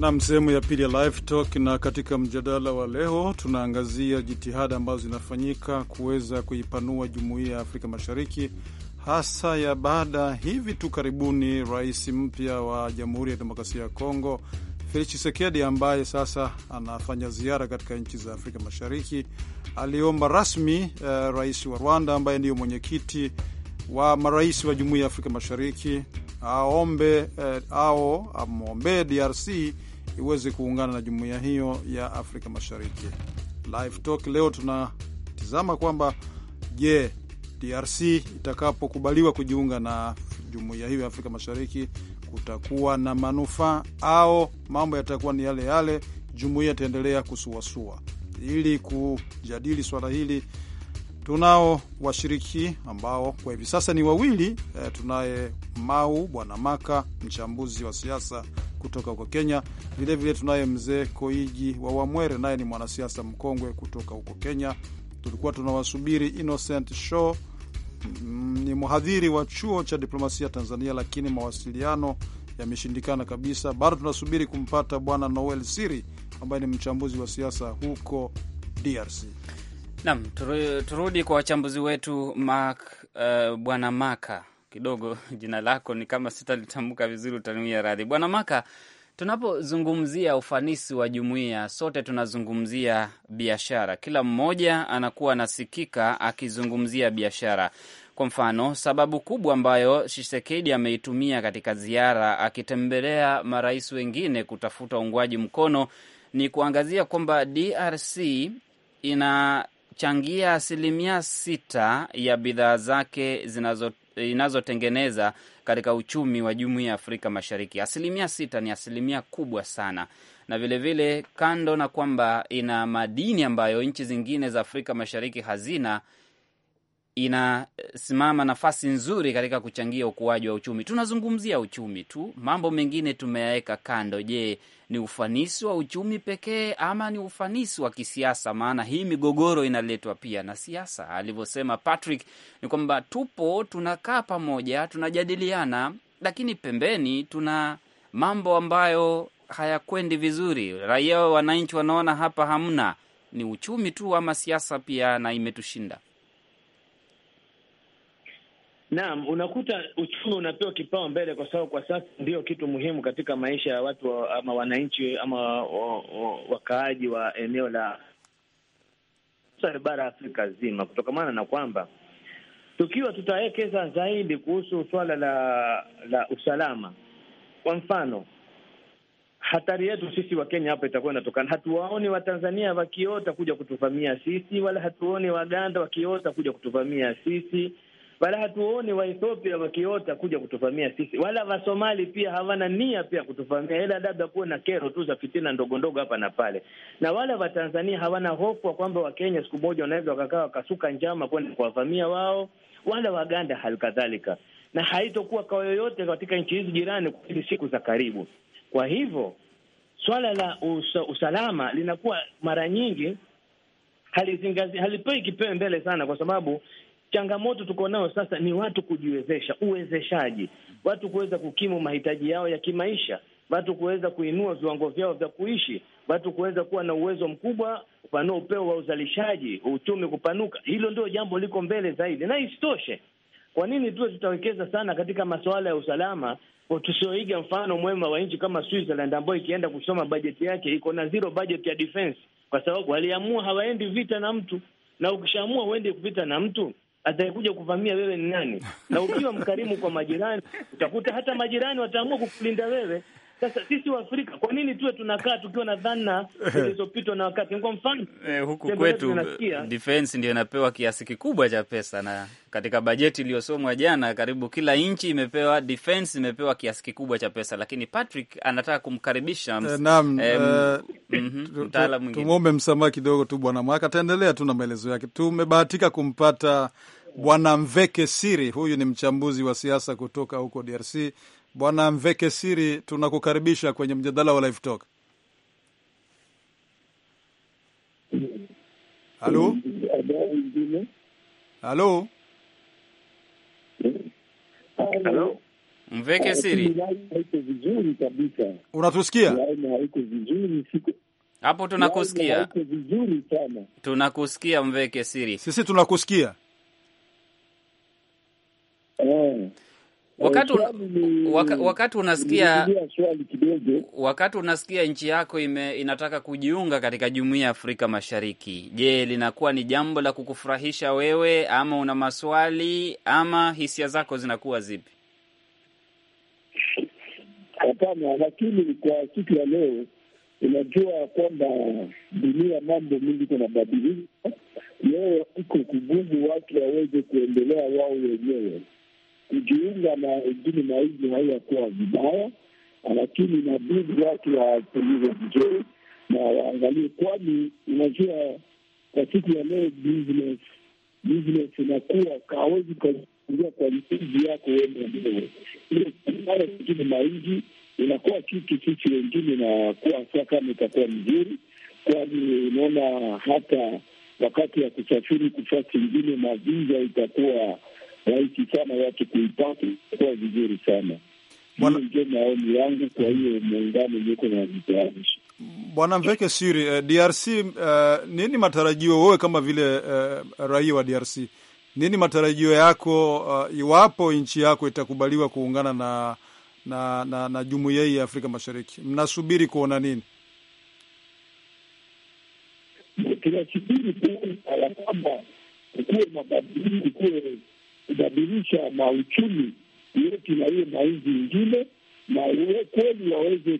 Nam sehemu ya pili ya live talk, na katika mjadala wa leo tunaangazia jitihada ambazo zinafanyika kuweza kuipanua jumuiya ya Afrika Mashariki, hasa ya baada hivi tu karibuni rais mpya wa Jamhuri ya Demokrasia ya Kongo Felix Tshisekedi ambaye sasa anafanya ziara katika nchi za Afrika Mashariki aliomba rasmi uh, rais wa Rwanda ambaye ndiyo mwenyekiti wa marais wa Jumuiya ya Afrika Mashariki aombe eh, ao amwombee DRC iweze kuungana na jumuiya hiyo ya Afrika Mashariki. Live Talk leo tunatizama kwamba je, DRC itakapokubaliwa kujiunga na jumuiya hiyo ya Afrika Mashariki kutakuwa na manufaa au mambo yatakuwa ni yale yale, jumuiya itaendelea kusuasua? Ili kujadili swala hili tunao washiriki ambao kwa hivi sasa ni wawili. E, tunaye Mau Bwana Maka, mchambuzi wa siasa kutoka huko Kenya. Vilevile tunaye mzee Koiji wa Wamwere, naye ni mwanasiasa mkongwe kutoka huko Kenya. Tulikuwa tunawasubiri Innocent Show, mm, ni mhadhiri wa chuo cha diplomasia Tanzania, lakini mawasiliano yameshindikana kabisa. Bado tunasubiri kumpata bwana Noel Siri ambaye ni mchambuzi wa siasa huko DRC. Naam, turudi kwa wachambuzi wetu Mark, uh, bwana Maka kidogo jina lako ni kama sitalitamka vizuri, utaniwia radhi Bwana Maka. Tunapozungumzia ufanisi wa jumuiya, sote tunazungumzia biashara, kila mmoja anakuwa anasikika akizungumzia biashara. Kwa mfano, sababu kubwa ambayo shisekedi ameitumia katika ziara akitembelea marais wengine kutafuta uungwaji mkono ni kuangazia kwamba DRC inachangia asilimia sita ya bidhaa zake zinazo inazotengeneza katika uchumi wa jumuiya ya Afrika Mashariki. Asilimia sita ni asilimia kubwa sana, na vilevile vile, kando na kwamba ina madini ambayo nchi zingine za Afrika Mashariki hazina inasimama nafasi nzuri katika kuchangia ukuaji wa uchumi. Tunazungumzia uchumi tu, mambo mengine tumeyaweka kando. Je, ni ufanisi wa uchumi pekee ama ni ufanisi wa kisiasa? Maana hii migogoro inaletwa pia na siasa. Alivyosema Patrick ni kwamba tupo tunakaa pamoja, tunajadiliana, lakini pembeni tuna mambo ambayo hayakwendi vizuri. Raia wananchi wanaona hapa hamna, ni uchumi tu ama siasa pia, na imetushinda. Naam, unakuta uchumi unapewa kipao mbele kwa sababu kwa sasa ndio kitu muhimu katika maisha ya watu wa, ama wananchi ama wakaaji wa eneo la bara Afrika zima, kutokamana na kwamba tukiwa tutawekeza zaidi kuhusu suala la la usalama, kwa mfano hatari yetu sisi wa Kenya hapa itakuwa inatokana. Hatuwaoni Watanzania wakiota kuja kutuvamia sisi, wala hatuoni Waganda wakiota kuja kutuvamia sisi wala hatuoni Waethiopia wakiota kuja kutuvamia sisi, wala Wasomali pia hawana nia pia kutuvamia, ila labda kuwe na kero tu za fitina ndogo ndogo hapa na pale, na wala Watanzania hawana hofu wa kwamba Wakenya siku moja wanaweza wakakaa wakasuka njama kwenda kuwavamia wao, wala Waganda kadhalika, na haitokuwa kwa yoyote katika nchi hizi jirani kwa hizi siku za karibu. Kwa hivyo swala la usa, usalama linakuwa mara nyingi halipewi mbele sana, kwa sababu Changamoto tuko nao sasa ni watu kujiwezesha, uwezeshaji, watu kuweza kukimu mahitaji yao ya kimaisha, watu kuweza kuinua viwango vyao vya kuishi, watu kuweza kuwa na uwezo mkubwa, kupanua upeo wa uzalishaji, uchumi kupanuka. Hilo ndio jambo liko mbele zaidi, na isitoshe, kwa nini tuwe tutawekeza sana katika masuala ya usalama tusioiga mfano mwema wa nchi kama Switzerland ambayo ikienda kusoma bajeti yake iko na zero budget ya defense, kwa sababu waliamua hawaendi vita na mtu, na ukishaamua huendi vita na mtu atakayekuja kuvamia wewe ni nani? Na ukiwa mkarimu kwa majirani, utakuta hata majirani wataamua kukulinda wewe. Sasa sisi Waafrika kwa nini tuwe tunakaa tukiwa na dhana zilizopitwa na wakati? Kwa mfano eh, huku kwetu defense ndio inapewa kiasi kikubwa cha pesa, na katika bajeti iliyosomwa jana, karibu kila nchi imepewa defense, imepewa kiasi kikubwa cha pesa, lakini Patrick anataka kumkaribisha eh, eh, mhm, mtaalamu mwingine. Tumwombe msamaha kidogo tu Bwana Mwaka, ataendelea tu na maelezo yake. Tumebahatika kumpata Bwana Mveke Siri, huyu ni mchambuzi wa siasa kutoka huko DRC Bwana Mveke Siri, tunakukaribisha kwenye mjadala wa Live Talk. Halo, halo, halo. Mveke Siri, unatusikia hapo? Tunakusikia, tunakusikia Mveke Siri, sisi tunakusikia eh wakati, waka, wakati unasikia wakati unasikia nchi yako ime, inataka kujiunga katika jumuiya ya Afrika Mashariki, je, linakuwa ni jambo la kukufurahisha wewe ama una maswali ama hisia zako zinakuwa zipi? Hapana, lakini kwa siku ya leo unajua kwamba dunia mambo mingi kunabadilika. Leo iko kugumu watu waweze kuendelea wao wenyewe kujiunga na wengine maizi hizi haiyakuwa vibaya, lakini inabidi watu watumize vizuri na waangalie, kwani unajua kwa siku ya leo business business inakuwa kawezi ukaingia kwa mpizi yako wewe mwenyewe. Mara nyingine mainji inakuwa kitu sisi wengine inakuwa sa kama itakuwa mzuri, kwani unaona hata wakati ya kusafiri kufasi ingine mavinja itakuwa rahisi sana watu kuipata, kuwa vizuri sana. Ndio maoni yangu. Kwa hiyo muungano yuko na vitayarisha Bwana Mveke Siri. eh, DRC eh, nini matarajio wewe kama vile eh, raia wa DRC, nini matarajio yako uh, iwapo nchi yako itakubaliwa kuungana na na, na, na jumuiya hii ya Afrika Mashariki? Mnasubiri kuona nini? Tunasubiri tu ya kwamba kukuwe mabadiliko, kukuwe kubadilisha mauchumi yetu na hiyo mainzi ingine, na kweli waweze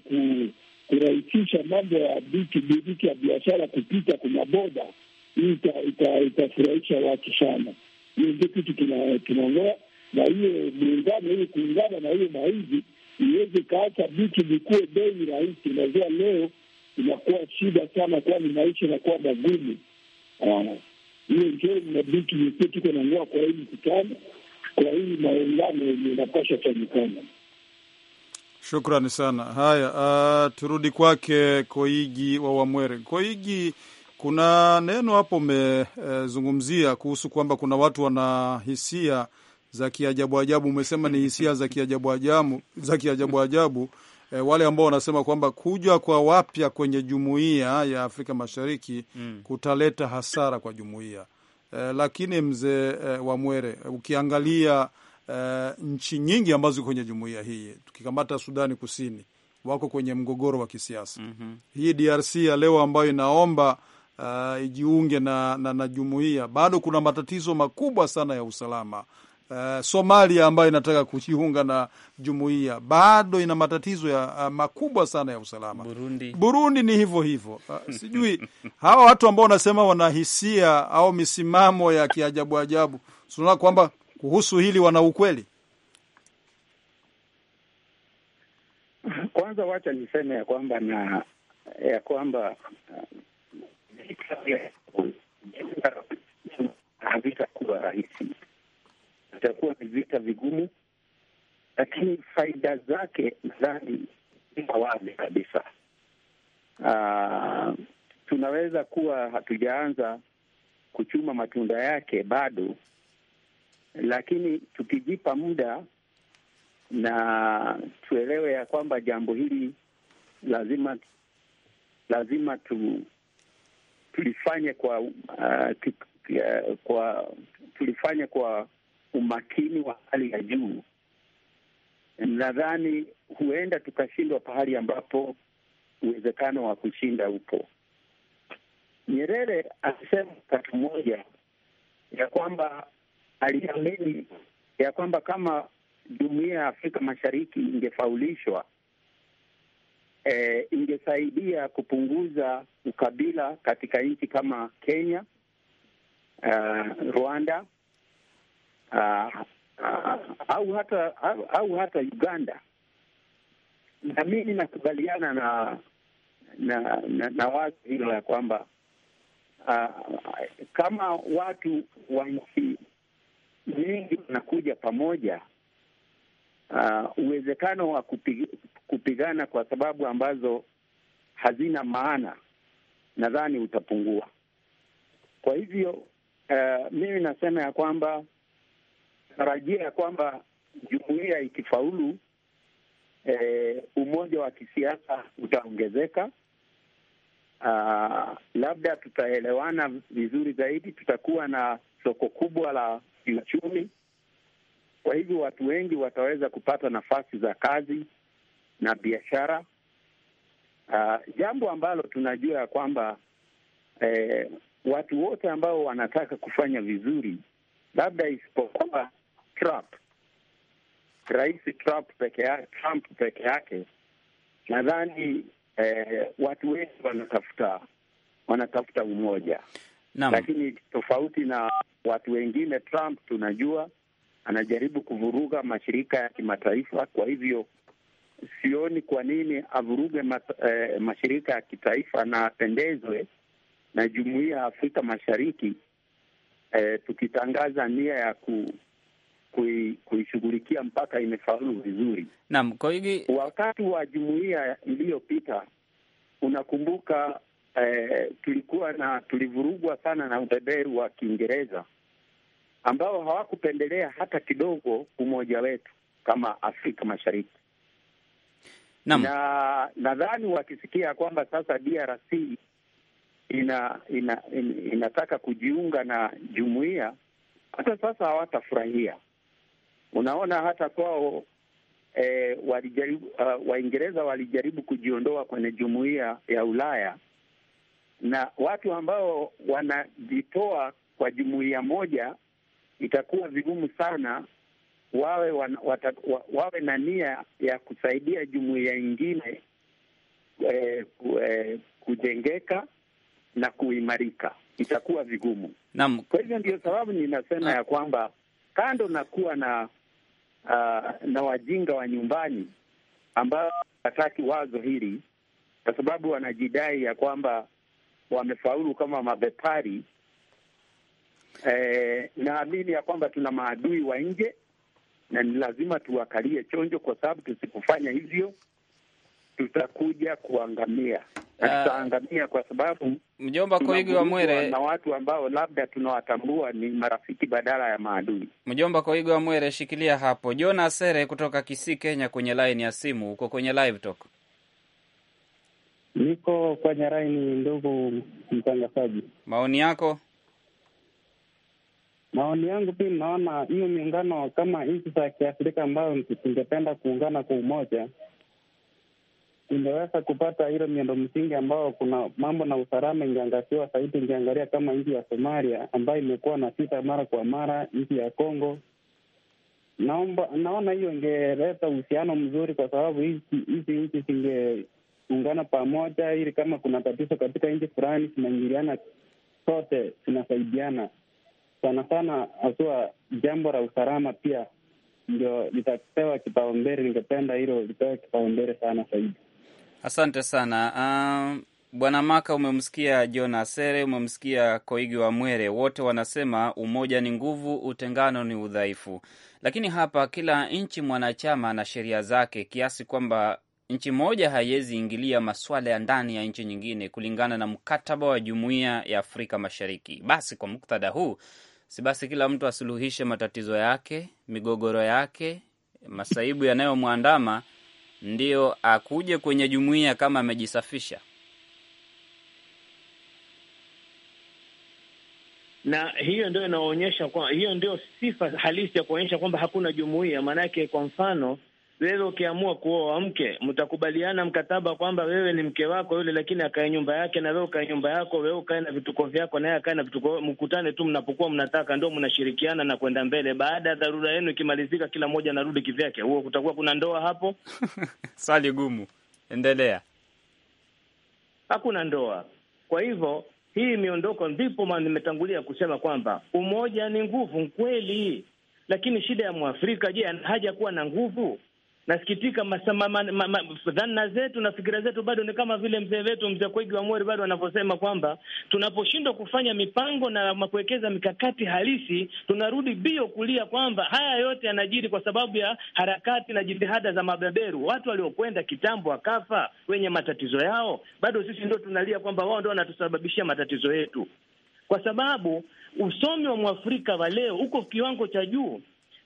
kurahisisha mambo ya bikibiriki ya biashara kupita kwenye boda. Hii itafurahisha watu sana. Hiyo ndio kitu tunaongea, na hiyo muungano, hiyo kuungana na hiyo mainzi iweze kaacha vitu vikuwe bei rahisi. Unajua leo inakuwa shida sana, kwani maisha inakuwa magumu hiyo ndio inabidi nikuwe tuko na nia kwa hii mkutano, kwa hii maungano yenye inapasha fanyikana. Shukrani sana. Haya, uh, turudi kwake Koigi wa Wamwere. Koigi, kuna neno hapo umezungumzia kuhusu kwamba kuna watu wana hisia za kiajabu ajabu. Umesema ni hisia za kiajabu ajabu, za kiajabu ajabu e, wale ambao wanasema kwamba kuja kwa wapya kwenye jumuiya ya Afrika Mashariki mm. kutaleta hasara kwa jumuiya e, lakini mzee e, Wamwere, ukiangalia e, nchi nyingi ambazo ziko kwenye jumuiya hii, tukikamata Sudani Kusini wako kwenye mgogoro wa kisiasa mm -hmm. Hii DRC ya leo ambayo inaomba uh, ijiunge na, na, na jumuiya bado kuna matatizo makubwa sana ya usalama Uh, Somalia ambayo inataka kujiunga na jumuiya bado ina matatizo ya uh, makubwa sana ya usalama. Burundi, Burundi ni hivyo hivyo. Uh, sijui hawa watu ambao wanasema wanahisia au misimamo ya kiajabu ajabu, tunaona kwamba kuhusu hili wana ukweli. Kwanza wacha niseme ya kwamba na ya kwamba havitakuwa rahisi vitakuwa ni vita vigumu, lakini faida zake nadhani ziko wazi kabisa. Uh, tunaweza kuwa hatujaanza kuchuma matunda yake bado, lakini tukijipa muda na tuelewe ya kwamba jambo hili lazima lazima tu tulifanye kwa uh, tu, uh, kwa tulifanye kwa umakini wa hali ya juu, nadhani huenda tukashindwa pahali ambapo uwezekano wa kushinda upo. Nyerere alisema wakati mmoja ya kwamba aliamini ya kwamba kama jumuiya ya Afrika Mashariki ingefaulishwa, e, ingesaidia kupunguza ukabila katika nchi kama Kenya, uh, Rwanda Ah, au hata au, au hata Uganda. Na mimi nakubaliana na na, na, na, wazo hilo ya kwamba uh, kama watu wa nchi nyingi wanakuja pamoja uh, uwezekano wa kupi, kupigana kwa sababu ambazo hazina maana nadhani utapungua. Kwa hivyo uh, mimi nasema ya kwamba tunatarajia ya kwamba jumuiya ikifaulu, e, umoja wa kisiasa utaongezeka. Ah, labda tutaelewana vizuri zaidi, tutakuwa na soko kubwa la kiuchumi. Kwa hivyo watu wengi wataweza kupata nafasi za kazi na biashara, ah, jambo ambalo tunajua ya kwamba e, watu wote ambao wanataka kufanya vizuri, labda isipokuwa Trump, rais Trump peke yake, Trump peke yake, nadhani eh, watu wengi wanatafuta wanatafuta umoja Nam. Lakini tofauti na watu wengine, Trump tunajua anajaribu kuvuruga mashirika ya kimataifa. Kwa hivyo sioni kwa nini avuruge ma, eh, mashirika ya kitaifa na apendezwe na jumuiya ya Afrika Mashariki eh, tukitangaza nia ya ku kuishughulikia mpaka imefaulu vizuri. Naam, kwa hivi wakati wa jumuiya iliyopita unakumbuka, eh, tulikuwa na tulivurugwa sana na ubeberu wa Kiingereza ambao hawakupendelea hata kidogo umoja wetu kama Afrika Mashariki. Naam. Na nadhani wakisikia kwamba sasa DRC ina, ina, ina, inataka kujiunga na jumuiya hata sasa hawatafurahia. Unaona hata kwao e, walijaribu uh, Waingereza walijaribu kujiondoa kwenye jumuiya ya Ulaya na watu ambao wanajitoa kwa jumuiya moja, itakuwa vigumu sana wawe wan, watak, wa, wawe na nia ya kusaidia jumuiya ingine eh, e, kujengeka na kuimarika, itakuwa vigumu. Naam, kwa hivyo ndio sababu ninasema ya kwamba kando na kuwa na uh, na wajinga wa nyumbani ambao wataki wazo hili, kwa sababu wanajidai ya kwamba wamefaulu kama mabepari. Eh, naamini ya kwamba tuna maadui wa nje na ni lazima tuwakalie chonjo, kwa sababu tusipofanya hivyo tutakuja kuangamia na ah. tutaangamia, kwa sababu Mjomba Koigi wa Mwere, na watu ambao labda tunawatambua ni marafiki badala ya maadui. Mjomba Koigi wa Mwere, shikilia hapo. Jona Sere kutoka Kisii, Kenya, kwenye line ya simu, uko kwenye live talk. Niko kwenye raini ndogo, mtangazaji, maoni yako? Maoni yangu pia, naona hiyo miungano kama nchi za Kiafrika ambayo tungependa kuungana kwa umoja ingeweza kupata ile miundo msingi ambao kuna mambo na usalama ingeangaziwa zaidi, ingeangalia kama nchi ya Somalia ambayo imekuwa na vita mara kwa mara, nchi ya Congo. Naomba, naona hiyo ingeleta uhusiano mzuri, kwa sababu hizi nchi zingeungana pamoja, ili kama kuna tatizo katika nchi fulani zinaingiliana sote zinasaidiana sana sana, hasua jambo la usalama pia ndio litapewa kipaumbele. Ningependa hilo lipewe kipaumbele sana zaidi. Asante sana um... Bwana Maka, umemsikia John Asere, umemsikia Koigi wa Mwere, wote wanasema umoja ni nguvu, utengano ni udhaifu. Lakini hapa kila nchi mwanachama na sheria zake, kiasi kwamba nchi moja haiwezi ingilia masuala ya ndani ya nchi nyingine kulingana na mkataba wa Jumuiya ya Afrika Mashariki. Basi kwa muktadha huu, si basi kila mtu asuluhishe matatizo yake, migogoro yake, masaibu yanayomwandama ndio akuje kwenye jumuiya kama amejisafisha. Na hiyo ndio inaonyesha kwa, hiyo ndio sifa halisi ya kuonyesha kwamba hakuna jumuiya. Maanake kwa mfano wewe ukiamua kuoa mke, mtakubaliana mkataba kwamba wewe ni mke wako yule, lakini akae nyumba yake na wewe ukae nyumba yako, wewe ukae na vituko vyako naye akae na vituko, mkutane tu mnapokuwa mnataka, ndio mnashirikiana na kwenda mbele. Baada ya dharura yenu ikimalizika, kila mmoja anarudi kivyake. Huo kutakuwa kuna ndoa hapo? Swali gumu, endelea. Hakuna ndoa. Kwa hivyo hii miondoko, ndipo nimetangulia kusema kwamba umoja ni nguvu kweli, lakini shida ya Mwafrika, je, haja kuwa na nguvu? nasikitika dhana zetu na fikira zetu bado ni kama vile mzee wetu mzee Kwegi wa Mori bado anavyosema kwamba tunaposhindwa kufanya mipango na kuwekeza mikakati halisi, tunarudi bio kulia kwamba haya yote yanajiri kwa sababu ya harakati na jitihada za mabeberu. Watu waliokwenda kitambo wakafa wenye matatizo yao, bado sisi ndio tunalia kwamba wao ndo wanatusababishia matatizo yetu, kwa sababu usomi wa mwafrika wa leo uko kiwango cha juu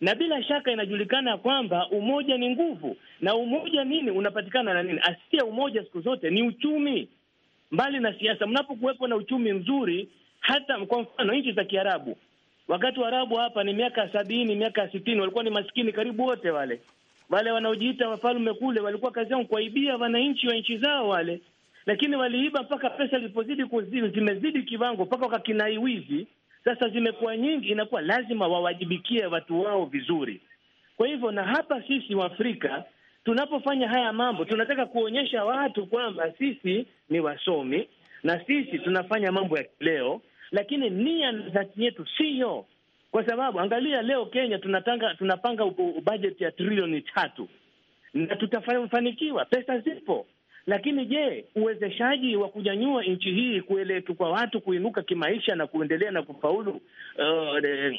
na bila shaka inajulikana kwamba umoja ni nguvu, na umoja nini unapatikana na nini? Asili ya umoja siku zote ni uchumi, mbali na siasa. Mnapokuwepo na uchumi mzuri, hata kwa mfano nchi za Kiarabu, wakati Waarabu hapa ni miaka ya sabini, miaka ya sitini, walikuwa ni maskini karibu wote wale wale wanaojiita wafalme kule walikuwa kazi yao kuwaibia wananchi wa nchi zao wale, lakini waliiba mpaka pesa ilipozidi zimezidi kiwango mpaka wakakinai wizi, sasa zimekuwa nyingi, inakuwa lazima wawajibikie watu wao vizuri. Kwa hivyo, na hapa sisi Waafrika tunapofanya haya mambo, tunataka kuonyesha watu kwamba sisi ni wasomi na sisi tunafanya mambo ya kileo lakini nia na dhati yetu siyo, kwa sababu angalia, leo Kenya tunatanga, tunapanga bajeti ya trilioni tatu na tutafanikiwa, pesa zipo lakini je, uwezeshaji wa kunyanyua nchi hii kueletu kwa watu kuinuka kimaisha na kuendelea na kufaulu uh,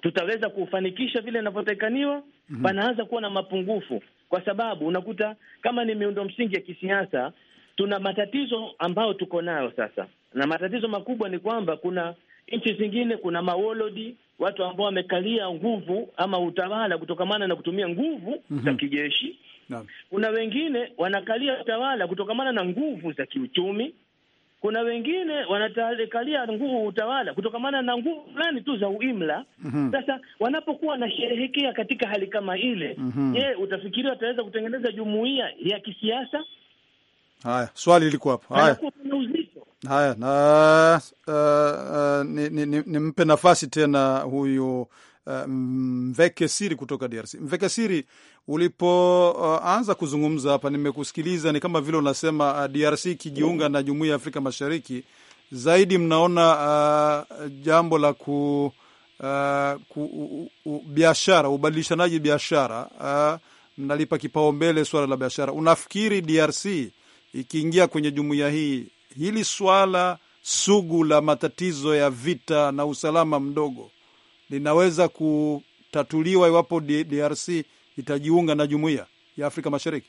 tutaweza kufanikisha vile inavyotakikaniwa? mm -hmm. kuwa na mapungufu, kwa sababu unakuta kama ni miundo msingi ya kisiasa, tuna matatizo ambayo tuko nayo sasa, na matatizo makubwa ni kwamba kuna nchi zingine, kuna mawolodi, watu ambao wamekalia nguvu ama utawala kutokamana na kutumia nguvu mm -hmm. za mhm. kijeshi kuna wengine wanakalia utawala kutokamana na nguvu za kiuchumi. Kuna wengine wanakalia nguvu utawala kutokamana na nguvu fulani tu za uimla. Mhm. Sasa mm -hmm. wanapokuwa wanasherehekea katika hali kama ile, mm -hmm. utafikiri wataweza kutengeneza jumuiya ya kisiasa? Haya, swali liko hapo. Haya, haya na uh, eh, uh, eh, nimpe ni, ni nafasi tena huyu uh, siri kutoka DRC. Mvekesiri, ulipoanza uh, kuzungumza hapa, nimekusikiliza ni kama vile unasema uh, DRC ikijiunga na jumuiya ya Afrika Mashariki zaidi mnaona uh, jambo la ku, uh, ku u, u, biashara ubadilishanaji biashara uh, mnalipa kipaumbele swala la biashara. Unafikiri DRC ikiingia kwenye jumuiya hii hili swala sugu la matatizo ya vita na usalama mdogo linaweza kutatuliwa iwapo DRC itajiunga na jumuiya ya Afrika Mashariki?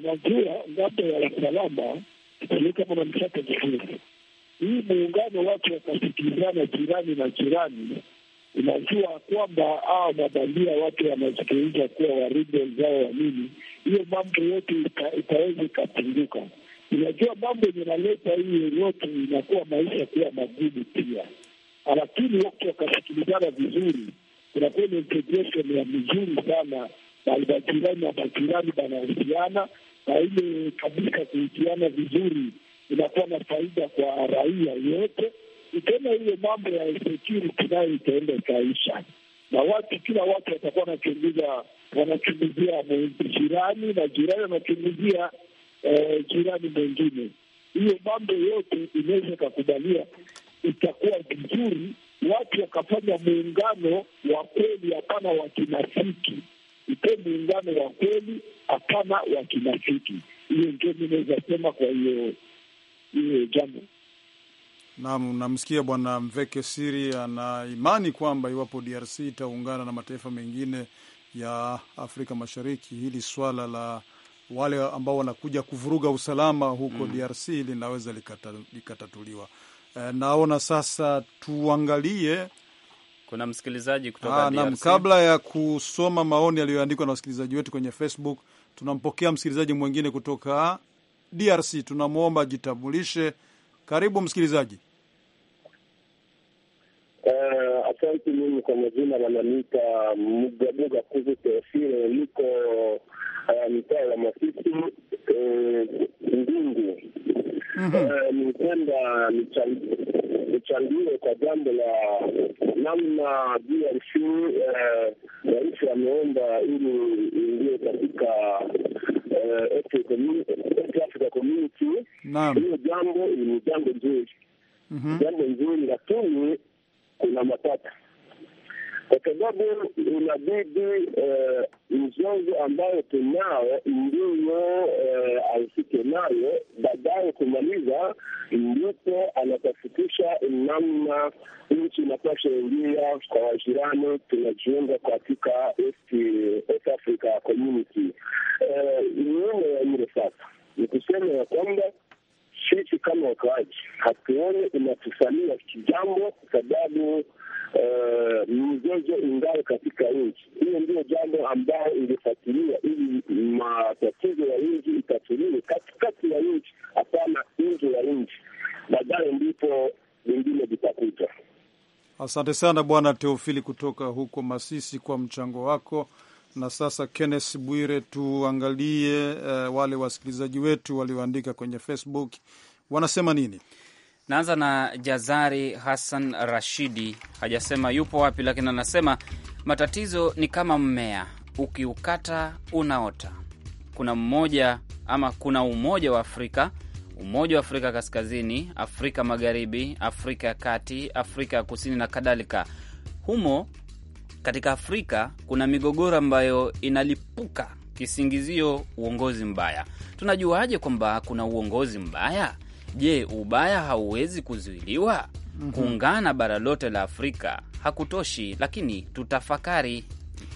Unajua, ngambo ya usalama itatumika kama mchaka mzuri. Hii muungano watu wakasikilizana jirani na jirani, unajua kwamba aa, mabandia watu wanazikeuza kuwa zao wa nini, hiyo mambo yote itaweza ikapunguka inajua mambo yenye naleta hii yeyote inakuwa maisha kuwa magumu pia, lakini watu wakasikilizana vizuri, kunakuwa integration ya mizuri sana, bajirani na bajirani banahusiana na ile kabisa kuhusiana vizuri inakuwa na faida kwa raia yote. ikena hiyo mambo ya security nayo itaenda ikaisha, na watu kila watu watakuwa wanachunguza wanachunguzia jirani na jirani wanachunguzia Eh, jirani mwengine. Hiyo mambo yote inaweza ikakubalia, itakuwa vizuri watu wakafanya muungano wa kweli, hapana wa kinafiki. Itoe muungano wa kweli, hapana wa kinafiki. Hiyo ndio mi naweza sema kwa hiyo hiyo jambo. Naam, namsikia Bwana Mveke Siri ana imani kwamba iwapo DRC itaungana na mataifa mengine ya Afrika Mashariki, hili swala la wale ambao wanakuja kuvuruga usalama huko mm. DRC linaweza likatatuliwa. E, naona sasa tuangalie kuna msikilizaji kutoka ah, DRC. Kabla ya kusoma maoni yaliyoandikwa na wasikilizaji wetu kwenye Facebook, tunampokea msikilizaji mwingine kutoka DRC. Tunamwomba jitambulishe. Karibu msikilizaji. Uh, asante. Mimi kwa majina nanamita Mgabuga Kuzu Teofile, niko mitaa ya Masisi Ndingu. Eh, mhm. eh, ningependa nichangie kwa jambo la namna DRC eh, rais ameomba ili ingie katika Africa Community. Hiyo jambo ni jambo nzuri, mhm. jambo nzuri, lakini kuna matata kwa sababu inabidi eh, mzozo ambayo tunao ndiyo ahusike eh, nayo, baadaye kumaliza, ndipo anatafutisha namna nchi inapasha ingia kwa wajirani. Tunajiunga katika East Africa Community eh, nyuma ya ile. Sasa ni kusema ya kwamba sisi kama wakaaji hatuone inatusalia kijambo, kwa sababu uh, eh, mzozo ungawe katika nchi hiyo. Ndio jambo ambayo ingefatiliwa ili matatizo ya nchi itatuliwe katikati ya nchi, hapana nje ya nchi. Baadaye ndipo vingine vitakuja. Asante sana Bwana Teofili kutoka huko Masisi kwa mchango wako. Na sasa Kenneth Bwire, tuangalie uh, wale wasikilizaji wetu walioandika kwenye Facebook wanasema nini. Naanza na Jazari Hassan Rashidi, hajasema yupo wapi, lakini anasema matatizo ni kama mmea, ukiukata unaota. Kuna mmoja ama kuna umoja wa Afrika, umoja wa Afrika Kaskazini, Afrika Magharibi, Afrika ya Kati, Afrika ya Kusini na kadhalika. Humo katika Afrika kuna migogoro ambayo inalipuka kisingizio uongozi mbaya. Tunajuaje kwamba kuna uongozi mbaya? Je, ubaya hauwezi kuzuiliwa? Mm -hmm. Kuungana bara lote la Afrika hakutoshi, lakini tutafakari.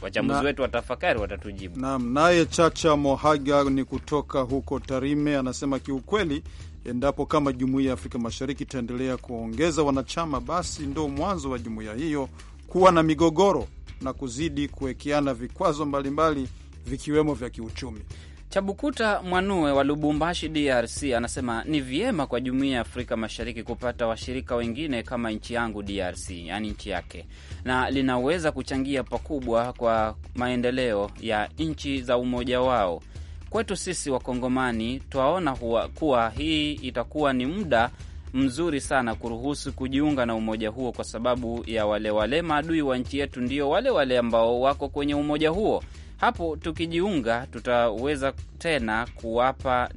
Wachambuzi wetu watafakari, watatujibu. Naam, naye Chacha Mohaga ni kutoka huko Tarime anasema kiukweli, endapo kama jumuiya ya Afrika Mashariki itaendelea kuongeza wanachama, basi ndo mwanzo wa jumuiya hiyo kuwa na migogoro na kuzidi kuwekeana vikwazo mbalimbali vikiwemo vya kiuchumi. Chabukuta Mwanue wa Lubumbashi, DRC, anasema ni vyema kwa jumuiya ya Afrika Mashariki kupata washirika wengine kama nchi yangu DRC, yaani nchi yake, na linaweza kuchangia pakubwa kwa maendeleo ya nchi za umoja wao. Kwetu sisi Wakongomani twaona kuwa hii itakuwa ni muda mzuri sana kuruhusu kujiunga na umoja huo, kwa sababu ya wale wale maadui wa nchi yetu ndio wale wale ambao wako kwenye umoja huo. Hapo tukijiunga, tutaweza tena kuwapa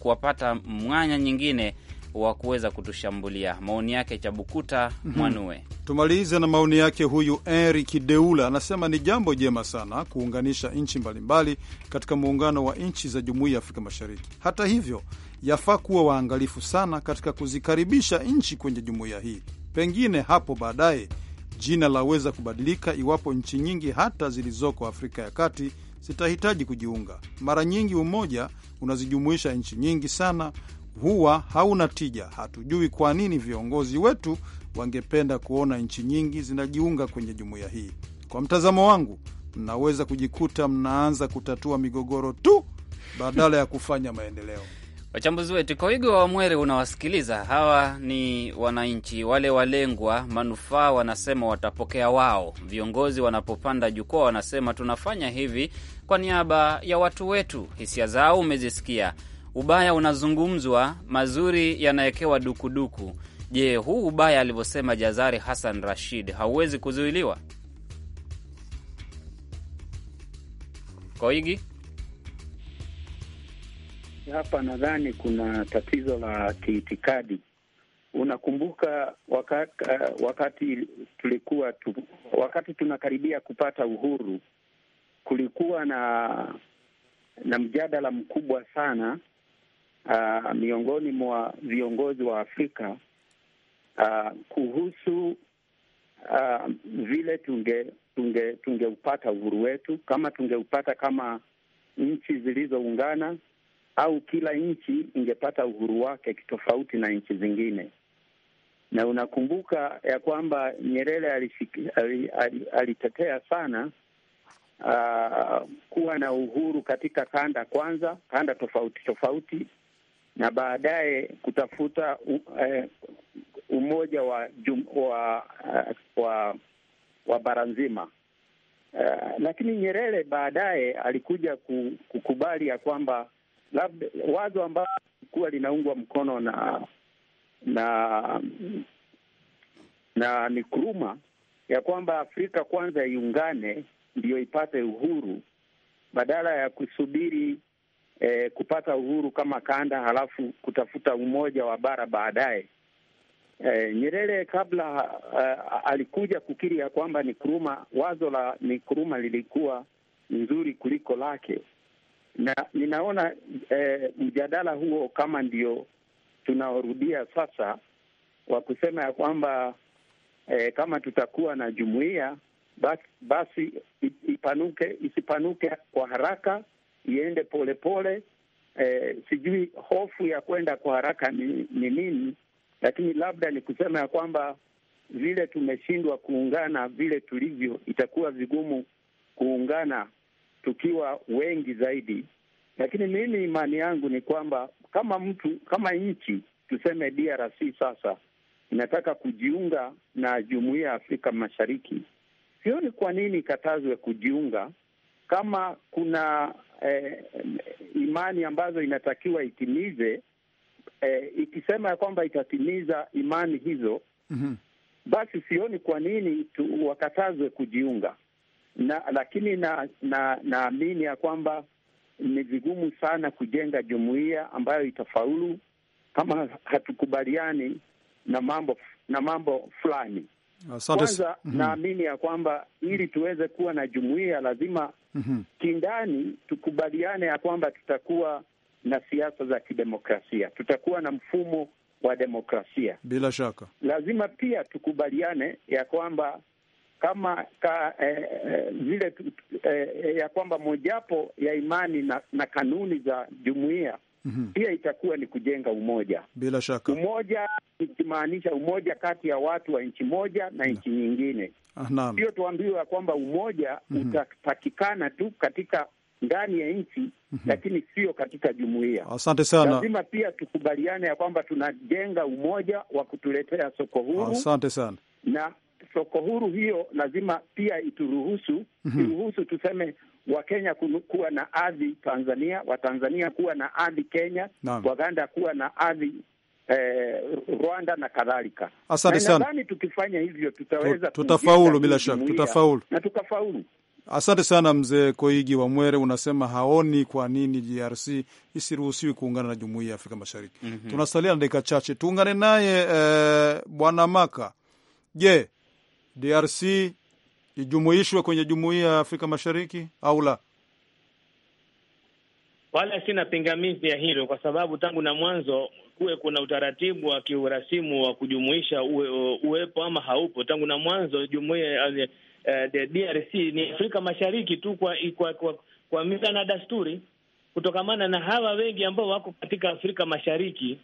kuwapata mwanya nyingine wa kuweza kutushambulia. Maoni yake Chabukuta mhm. Mwanue. mm -hmm. Tumalize na maoni yake huyu Eric Deula, anasema ni jambo jema sana kuunganisha nchi mbalimbali katika muungano wa nchi za jumuiya ya Afrika Mashariki. Hata hivyo yafaa kuwa waangalifu sana katika kuzikaribisha nchi kwenye jumuiya hii. Pengine hapo baadaye jina laweza kubadilika iwapo nchi nyingi hata zilizoko Afrika ya Kati zitahitaji kujiunga. Mara nyingi umoja unazijumuisha nchi nyingi sana, huwa hauna tija. Hatujui kwa nini viongozi wetu wangependa kuona nchi nyingi zinajiunga kwenye jumuiya hii. Kwa mtazamo wangu, mnaweza kujikuta mnaanza kutatua migogoro tu badala ya kufanya maendeleo. Wachambuzi wetu koigi wa wamwere unawasikiliza hawa. Ni wananchi wale walengwa, manufaa wanasema watapokea wao. Viongozi wanapopanda jukwaa wanasema tunafanya hivi kwa niaba ya watu wetu. Hisia zao umezisikia, ubaya unazungumzwa, mazuri yanawekewa dukuduku. Je, huu ubaya alivyosema Jazari Hassan Rashid hauwezi kuzuiliwa? Koigi hapa nadhani kuna tatizo la kiitikadi. Unakumbuka wakati, eh, wakati tulikuwa tu, wakati tunakaribia kupata uhuru, kulikuwa na na mjadala mkubwa sana uh, miongoni mwa viongozi wa Afrika uh, kuhusu uh, vile tunge tunge tungeupata uhuru wetu, kama tungeupata kama nchi zilizoungana au kila nchi ingepata uhuru wake kitofauti na nchi zingine. Na unakumbuka ya kwamba Nyerere alitetea ali, ali, sana uh, kuwa na uhuru katika kanda kwanza, kanda tofauti tofauti, na baadaye kutafuta eh, umoja wa jum, wa, ah, wa, wa bara nzima. Uh, lakini Nyerere baadaye alikuja kukubali ya kwamba labda wazo ambalo lilikuwa linaungwa mkono na na na Nkrumah ya kwamba Afrika kwanza iungane ndiyo ipate uhuru badala ya kusubiri eh, kupata uhuru kama kanda halafu kutafuta umoja wa bara baadaye. Eh, Nyerere kabla eh, alikuja kukiri ya kwamba Nkrumah, wazo la Nkrumah lilikuwa nzuri kuliko lake, na ninaona eh, mjadala huo kama ndio tunaorudia sasa, wa kusema ya kwamba eh, kama tutakuwa na jumuiya basi, basi ipanuke isipanuke kwa haraka, iende polepole pole. Eh, sijui hofu ya kwenda kwa haraka ni, ni nini, lakini labda ni kusema ya kwamba vile tumeshindwa kuungana vile tulivyo, itakuwa vigumu kuungana tukiwa wengi zaidi. Lakini mimi imani yangu ni kwamba kama mtu kama nchi tuseme DRC sasa inataka kujiunga na jumuiya ya Afrika Mashariki, sioni kwa nini ikatazwe kujiunga kama kuna eh, imani ambazo inatakiwa itimize. Eh, ikisema ya kwamba itatimiza imani hizo, mm -hmm. Basi sioni kwa nini tu wakatazwe kujiunga na lakini naamini na, na ya kwamba ni vigumu sana kujenga jumuiya ambayo itafaulu kama hatukubaliani na mambo na mambo fulani. Kwanza mm -hmm. Naamini ya kwamba ili tuweze kuwa na jumuiya lazima mm -hmm. kindani tukubaliane ya kwamba tutakuwa na siasa za kidemokrasia, tutakuwa na mfumo wa demokrasia. Bila shaka lazima pia tukubaliane ya kwamba kama ka, eh, vile eh, eh, eh, ya kwamba mojapo ya imani na, na kanuni za jumuiya mhm. pia mm -hmm. itakuwa ni kujenga umoja. Bila shaka umoja ikimaanisha umoja kati ya watu wa nchi moja na nchi nyingine, ah, sio tuambiwa ya kwamba umoja mm -hmm. utapatikana tu katika ndani ya nchi mm -hmm. lakini sio katika jumuiya. Asante sana. Lazima pia tukubaliane ya kwamba tunajenga umoja wa kutuletea soko huru. Asante sana na soko huru hiyo lazima pia ituruhusu mm -hmm. iruhusu tuseme Wakenya kuwa na ardhi Tanzania, Watanzania kuwa na ardhi Kenya Waganda kuwa na ardhi eh, Rwanda na kadhalika. Asante sana. Nadhani tukifanya hivyo tutaweza tutafaulu, bila shaka tutafaulu na tukafaulu. Asante sana mzee Koigi wa Mwere, unasema haoni kwa nini DRC isiruhusiwi kuungana na jumuiya ya Afrika Mashariki. mm -hmm. Tunasalia na dakika chache, tuungane naye eh, bwana Maka. Je, DRC ijumuishwe kwenye jumuiya ya Afrika Mashariki au la? Wala sina pingamizi ya hilo, kwa sababu tangu na mwanzo kuwe kuna utaratibu wa kiurasimu wa kujumuisha uwe, uwepo ama haupo tangu na mwanzo. Jumuiya uh, eh, DRC ni Afrika Mashariki tu kwa, kwa, kwa, kwa mila na dasturi kutokamana na hawa wengi ambao wako katika Afrika Mashariki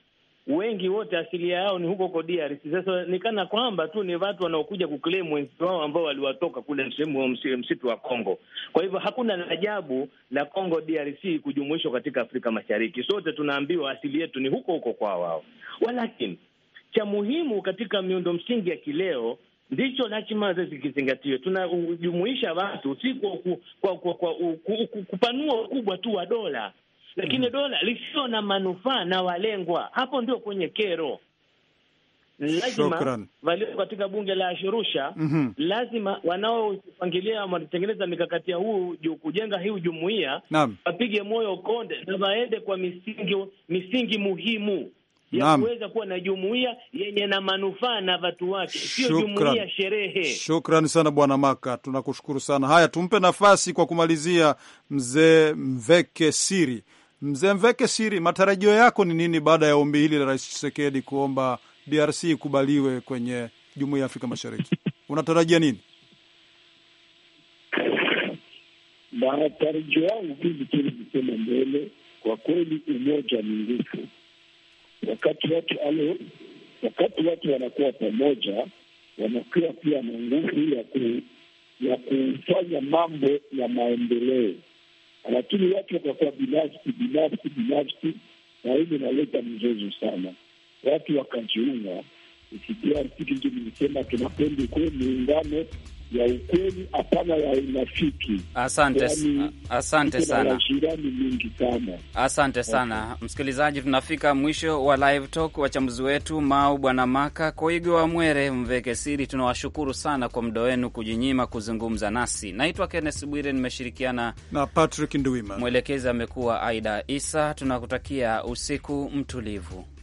wengi wote asilia yao ni huko huko DRC. Sasa ni kana kwamba tu ni watu wanaokuja kuklaim wenzi wao ambao waliwatoka kule sehemu msitu wa Kongo. Kwa hivyo hakuna ajabu la Kongo DRC kujumuishwa katika Afrika Mashariki. Sote tunaambiwa asili yetu ni huko huko kwa wao, walakini cha muhimu katika miundo msingi ya kileo ndicho lazima zikizingatiwe. Tunajumuisha watu si kwa, kwa, kwa, kwa, kupanua ukubwa tu wa dola lakini mm-hmm. dola lisio na manufaa na walengwa, hapo ndio kwenye kero. Lazima Walio katika bunge la ashurusha mm -hmm. Lazima wanaopangilia wanatengeneza mikakati ya huu juu kujenga hii jumuiya wapige moyo konde na waende kwa misingi misingi muhimu ya kuweza kuwa na jumuiya yenye na manufaa na watu wake, sio jumuiya sherehe. Shukran sana Bwana Maka, tunakushukuru sana. Haya, tumpe nafasi kwa kumalizia mzee Mveke Siri Mzee Mveke Siri, matarajio yako ni nini baada ya ombi hili la Rais chisekedi kuomba DRC ikubaliwe kwenye Jumuiya ya Afrika Mashariki? unatarajia nini? Matarajio yangu hivi kivikili kusema mbele, kwa kweli umoja ni nguvu. Wakati watu alo, wakati watu wanakuwa pamoja, wanakuwa pia na nguvu ya ku- ya kufanya mambo ya maendeleo lakini watu watakuwa binafsi binafsi binafsi, na hili inaleta mzozo sana. Watu wakajiunga, DRC, kilicho nimesema, tunapenda kuwe muungano ya ukweli, hapana ya unafiki. Asante, yaani, asante sana, jirani mingi sana, asante sana okay. Msikilizaji, tunafika mwisho wa live talk. Wachambuzi wetu Mau Bwana Maka Koigi wa Mwere Mveke Siri, tunawashukuru sana kwa muda wenu kujinyima kuzungumza nasi. Naitwa Kenneth Bwire, nimeshirikiana na Patrick Nduima, mwelekezi amekuwa Aida Isa. Tunakutakia usiku mtulivu.